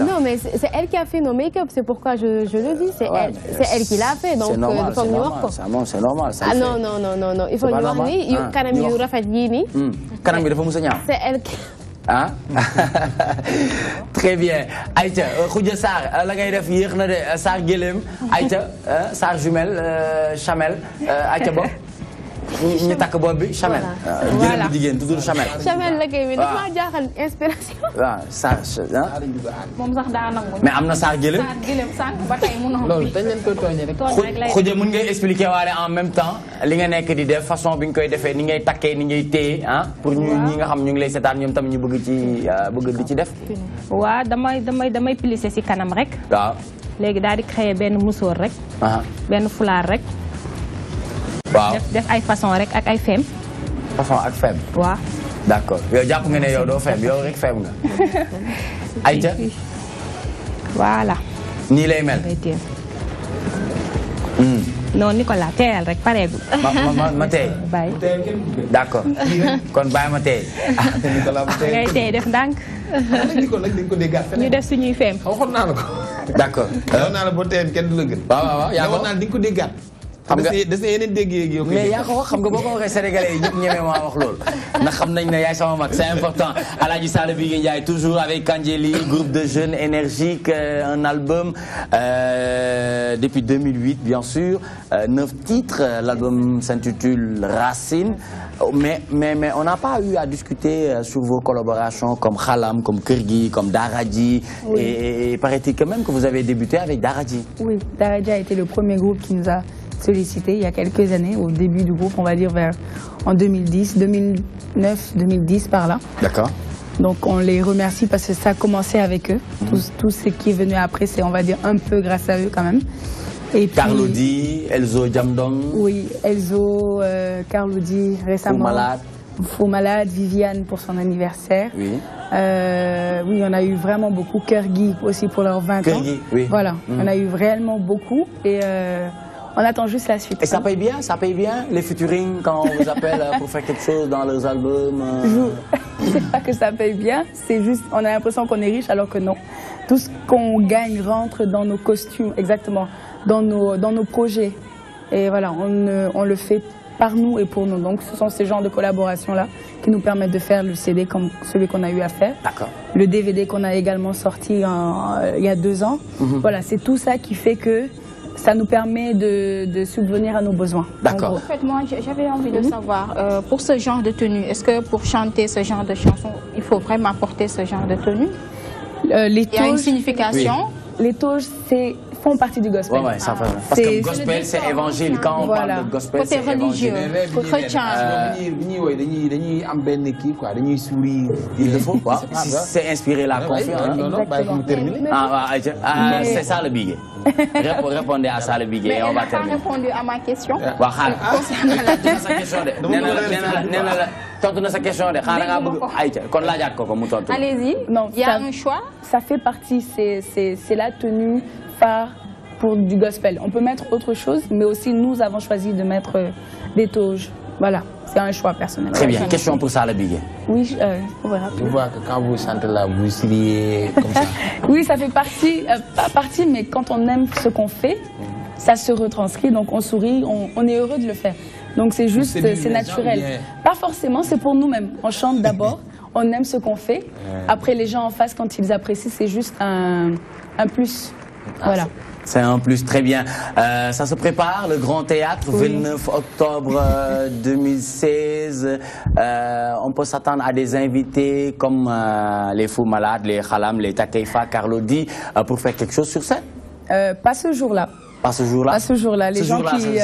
non mais c'est elle qui a fait nos make-up c'est pourquoi je je le dis c'est elle c'est elle qui l'a fait donc normal non non non non il faut c'est elle ah très bien Aïcha euh, Khoudia Sarr euh, la ngay def yéex na de euh, Sarr Géléem Aïcha Sarr Jumel Chamel ayca bopp ñi takk boobu bi Chamel. voilà jërëjëf ah, jigéen toujours Chamel. Chamel la kay bi dafa ah. maa jaaxal inspiration. Ah, moom sax daa nangu. mais am na saa gëlëm. saa gëlëm mun loolu dañ leen koy tooñee rek. tooñ rek lay ngay expliquer waale en même temps li nga nekk di def façon bi nga koy defee ni ngay takkee ni ngay téye ah. pour ñu ñi nga xam ñu ngi lay seetaan ñoom tam ñu bëgg ci bëgg di ci def. waa damay damay damay plissé si kanam rek. waaw léegi daal di créer benn musóor rek. benn fulaar rek. def ay façon rek ak ay fem. façon ak fem. waa d'accord yow jàpp nga ne yow doo fem yow rek fem nga. ayca. voilà. nii lay mel. Hmm. non Nicolas teeyal rek pareegul. ma ma kon bàyyi ma teey. ngay teey def ndànk. Ah, ñu def suñuy fem. Ah, waxoon d'accord. waxoon naa la boo teeyal kenn du la gën. waaw yaa ko naa di nga ko déggaat. xam nga des na yeneen mais yaa ko wax xam nga boo ko sénégalais yi ñëpp ñeme maa wax loolu ndax xam nañ ne yaay sama mag c'est important Alaaji Sall est toujours avec Kandjeli groupe de jeunes énergiques euh, un album euh, depuis 2008 bien sûr euh, neuf titres euh, l'album s'intitule Racine mais mais mais on n'a pas eu à discuter sur vos collaborations comme Khalam comme Kirgi, comme Daradji et, et paraît-il quand même que vous avez débuté avec Daradji. Oui, Daradji a été le premier groupe qui nous a sollicité il y a quelques années, au début du groupe, on va dire vers en 2010, 2009, 2010 par là. D'accord. Donc on les remercie parce que ça a commencé avec eux. Mhm. Tout, tout, ce qui est venu après, c'est on va dire un peu grâce à eux quand même. Et Carlodi, Elzo Jamdong. Oui, Elzo, euh, Carlodi récemment. Fou Malade. Fou Malade, Viviane pour son anniversaire. Oui. Euh, oui, on a eu vraiment beaucoup. Kergui aussi pour leurs 20 ans. oui. Voilà, mhm. on a eu réellement beaucoup. Et. Euh, on attend juste la suite. Et ça hein. paye bien Ça paye bien Les futurings, quand on vous appelle pour faire quelque chose dans leurs albums euh. sais pas que ça paye bien, c'est juste, on a l'impression qu'on est riche alors que non. Tout ce qu'on gagne rentre dans nos costumes, exactement, dans nos, dans nos projets. Et voilà, on, le fait par nous et pour nous. Donc ce sont ces genres de collaborations-là qui nous permettent de faire le CD comme celui qu'on a eu à faire. D'accord. Le DVD qu'on a également sorti euh, il y a deux ans. Mhm. Voilà, c'est tout ça qui fait que ça nous permet de, de subvenir à nos besoins. D'accord. En fait, moi, j'avais envie de savoir, euh, pour ce genre de tenue, est-ce que pour chanter ce genre de chanson, il faut vraiment porter ce genre de tenue euh, Il y a une signification Les toges, c'est font partie du gospel. Oui, oui, ça fait. Ah. Parce que gospel, c'est évangile. Quand on voilà. parle de gospel, c'est religieux. Chrétien. C'est inspiré la ah, bah, confiance. Non, non, non, bah, terminer. Ah, bah, ah, c'est ça le billet. Répondez à ça le billet. On va terminer. répondu à ma question. Concernant la question. tontu na sa question de xaaral ngaa bëgg ayca kon mu allez-y non il y a un choix. ça fait partie c'est c'est la tenue phare pour du gospel. On peut mettre autre chose, mais aussi nous avons choisi de mettre euh, des toges. Voilà, c'est un choix personnel. Très bien. Question pour la Bigué. Oui, euh, on verra. Je vois que quand vous chantez là, vous souriez comme ça. oui, ça fait partie, euh, pas partie, mais quand on aime ce qu'on fait, ça se retranscrit, donc on sourit, on, est heureux de le faire. Donc c'est juste, c'est naturel. Pas forcément, c'est pour nous-mêmes. On chante d'abord, on aime ce qu'on fait. Après, les gens en face, quand ils apprécient, c'est juste un, un plus. Ah, voilà. C'est en plus, très bien. Euh, ça se prépare, le Grand Théâtre, 29 octobre 2016. Euh, euh, on peut s'attendre à des invités comme les Fous Malades, les Khalam, les Takeifa, Carlodi, pour faire quelque chose sur scène Pas ce jour-là. Pas ce jour-là Pas ce jour-là. Les gens qui...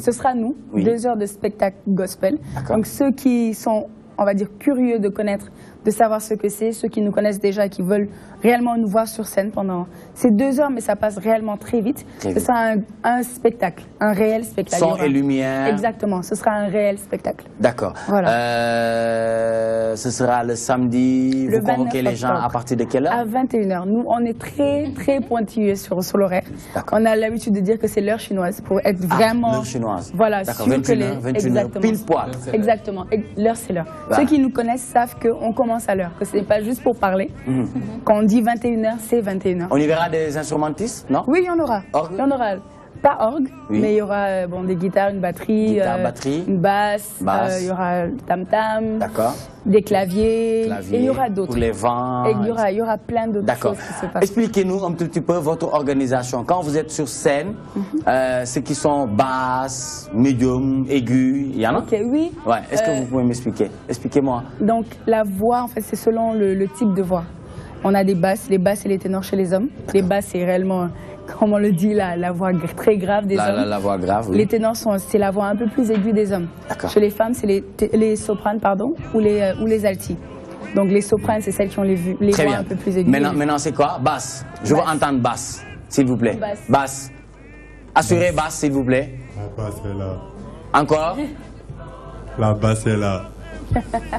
ce sera nous, deux heures de spectacle gospel. Donc ceux qui sont, on va dire, curieux de connaître de savoir ce que c'est, ceux qui nous connaissent déjà et qui veulent réellement nous voir sur scène pendant ces deux heures, mais ça passe réellement très vite. C'est ce sera un, spectacle, un réel spectacle. Son et lumière. Exactement, ce sera un réel spectacle. D'accord. Voilà. Euh, ce sera le samedi, le vous convoquez les gens à partir de quelle heure À 21h. Nous, on est très, très pointillés sur, sur l'horaire. On a l'habitude de dire que c'est l'heure chinoise pour être ah, vraiment... l'heure chinoise. Voilà, sur que 21 exactement. Pile poil. Exactement. L'heure, c'est l'heure. Ceux qui nous connaissent savent qu'on commence à l'heure, que ce n'est pas juste pour parler. Mhm. Quand on dit 21h, c'est 21h. On y verra des instrumentistes, non Oui, il y en aura. Il y en aura pas orgue, mais il y aura euh, bon, des guitares, une batterie, euh, batterie une euh, basse, il y aura le tam-tam, des claviers, et il y aura d'autres. les vents. Et il y aura, y aura plein d'autres choses Expliquez-nous un tout petit peu votre organisation. Quand vous êtes sur scène, mhm. ceux qui sont basses, médium, aigus, il y en a Ok, oui. Ouais. Est-ce que vous pouvez m'expliquer Expliquez-moi. Donc, la voix, en fait, c'est selon le, le type de voix. On a des basses, les basses et les ténors chez les hommes. Les basses, c'est réellement comment on le dit, la, voix très grave des hommes. La, voix grave, Les ténors, c'est la voix un peu plus aiguë des hommes. Chez les femmes, c'est les, les, sopranes, pardon, ou les, euh, les altis. Donc les sopranes, c'est celles qui ont les, les voix un peu plus aiguës. Maintenant, maintenant c'est quoi Basse. Je veux entendre basse, s'il vous plaît. Basse. Assurez basse, s'il vous plaît. La basse est là. Encore La basse est là.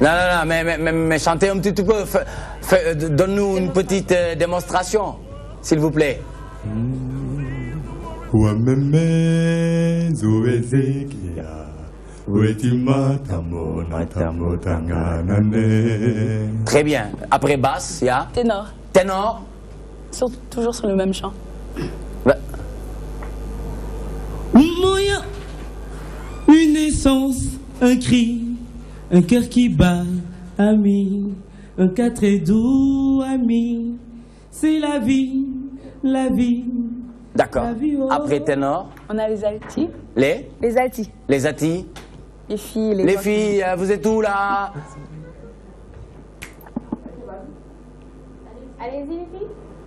non, non, non, mais, chantez un petit peu. Euh, donne-nous une petite euh, démonstration, s'il vous plaît. Très bien. Après basse, il y a Ténor. Ténor. Sur, toujours sur le même chant. Un bah. Moyen. Une essence, un cri, un cœur qui bat, ami, un quatre très doux, ami. C'est la vie, la vie. D'accord. Oh. Après ténor. On a les altis. Les Les altis. Les altis. Les filles. Les, filles, euh, vous êtes où là Allez-y les filles.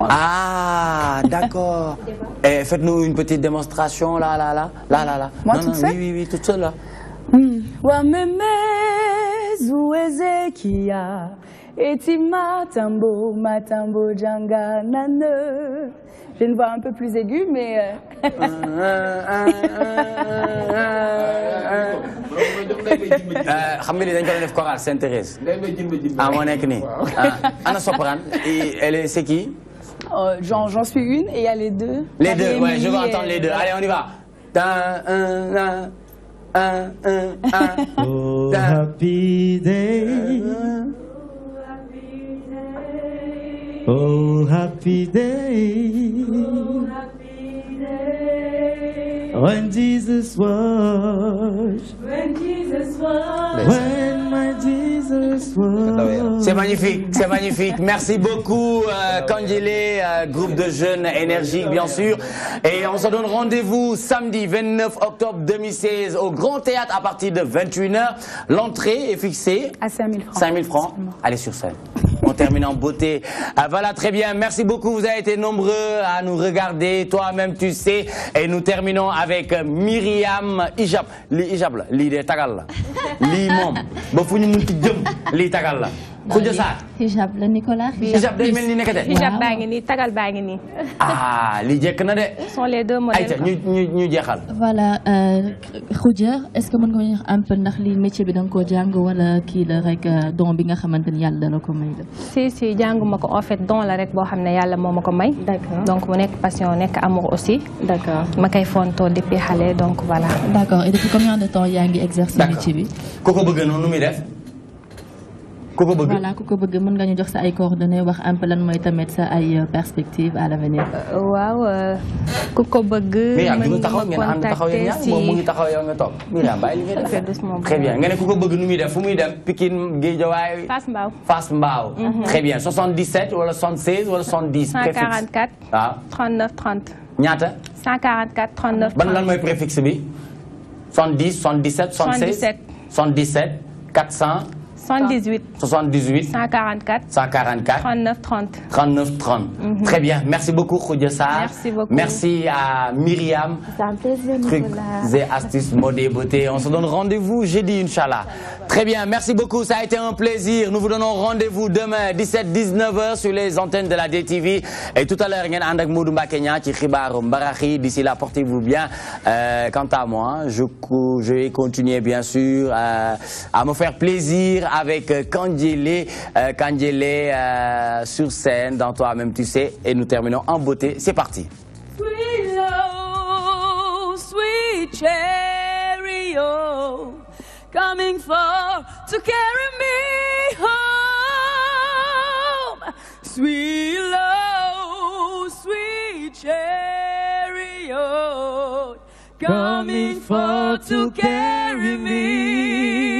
Ah, d'accord. Eh, faites-nous une petite démonstration là, là, là, là, là, Moi, toute non, Oui, oui, oui, tout seule là. Hmm. Eti matambo, matambo janga nane. J'ai une voix un peu plus aiguë, mais... Euh, euh, xam nga ni dañ ko doon def chorale ah moo nekk nii ah, ana elle est c'est qui. Oh, j'en suis une et il y a les deux. les deux ouais je veux entendre les deux euh, allez on y va. Un, Oh happy day. Oh happy day. Oh happy day. When Jesus was. When Jesus was. When my Jesus was. C'est magnifique. C'est magnifique. Merci beaucoup, Kangele, euh, euh, groupe de jeunes énergiques, bien sûr. Et on se donne rendez-vous samedi 29 octobre 2016 au Grand Théâtre à partir de 21h. L'entrée est fixée à 5000 francs. 5000 francs. Allez sur scène. On termine en beauté. Ah, voilà, très bien. Merci beaucoup. Vous avez été nombreux à nous regarder. Toi-même, tu sais. Et nous terminons avec Myriam Ijab. L'Ijab, Ijab, Tagal. L'imam, mom. ni Khoudia Sarr. hijab la Nicolas. hijab day mel ni nekete. hijab baa ni, tagal baa ni. ah li jekk na de. Son les deux modèles ñu ñu ñu jexal. voilà Euh, Khoudia est ce que mën nga ñu un peu ndax li métier bi dang ko jang wala ki la rek euh, don bi nga xamanteni Yalla da ko may. si si jangumako ma en fait don la rek bo xam Yalla momako ma may. d'accord donc mu nek passion nek amour aussi. d'accord ma kay fonto depuis xale donc voilà. d'accord et depuis combien de temps yaa ngi exercer métier bi. ku ko bëgg noonu nu muy def ku ko bëgg voilà ku mën nga ñu jox sa ay coordonnées wax un peu lan mooy sa ay euh, perspective à l'avenir. Euh, waaw euh, ku ko bëgg. mën nga taxaw ngeen ànd taxaw yéen ñaar moom taxaw yow nga toog. Myriam très bien nga ne Koko ko nu muy def fu muy dem mhm. très bien 77 wala 76 wala 70. 144 39 30. ñaata. 144 39 30 ban lan mooy préfixe bi 70 77 76 117, 400. 78. 78. 144. 144. 39 30. 39 30. Très bien. Merci beaucoup, Khoudia Merci beaucoup. Merci à Myriam. C'est un plaisir, Trucs et astuces, mode beauté. On se donne rendez-vous jeudi, Inch'Allah. Très bien. Merci beaucoup. Ça a été un plaisir. Nous vous donnons rendez-vous demain, 17-19h, sur les antennes de la DTV. Et tout à l'heure, il y a Kenya, qui Mbarahi. D'ici là, portez-vous bien. Euh, quant à moi, je, vais continuer, bien sûr, euh, à me faire plaisir, avec euh, euh, Kandjele, euh, sur scène dans toi-même tu sais. Et nous terminons en beauté. C'est parti. Sweet love, sweet cherry, oh, coming for to carry me home. Sweet love, sweet cherry, oh, coming for to carry me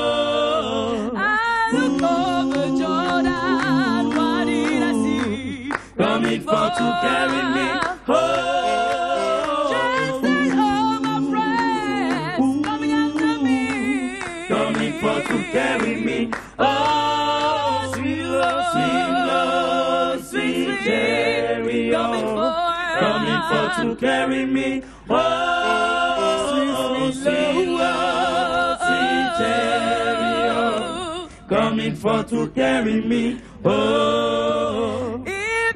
for to carry me home. Just all oh, my friends coming after me. Come people to carry me home, oh, oh, sweet low, Coming for to carry me home, sweet low, Coming for to carry me home.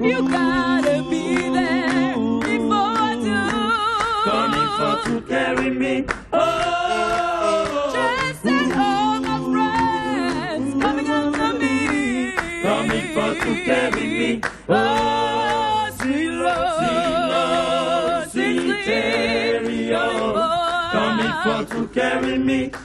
You gotta be there before I do. Coming for to carry me. Oh, just and all my friends coming after me. Coming for to carry me. Oh, oh sweet Lord, sweet Lord, sweet Lord, coming for to carry me.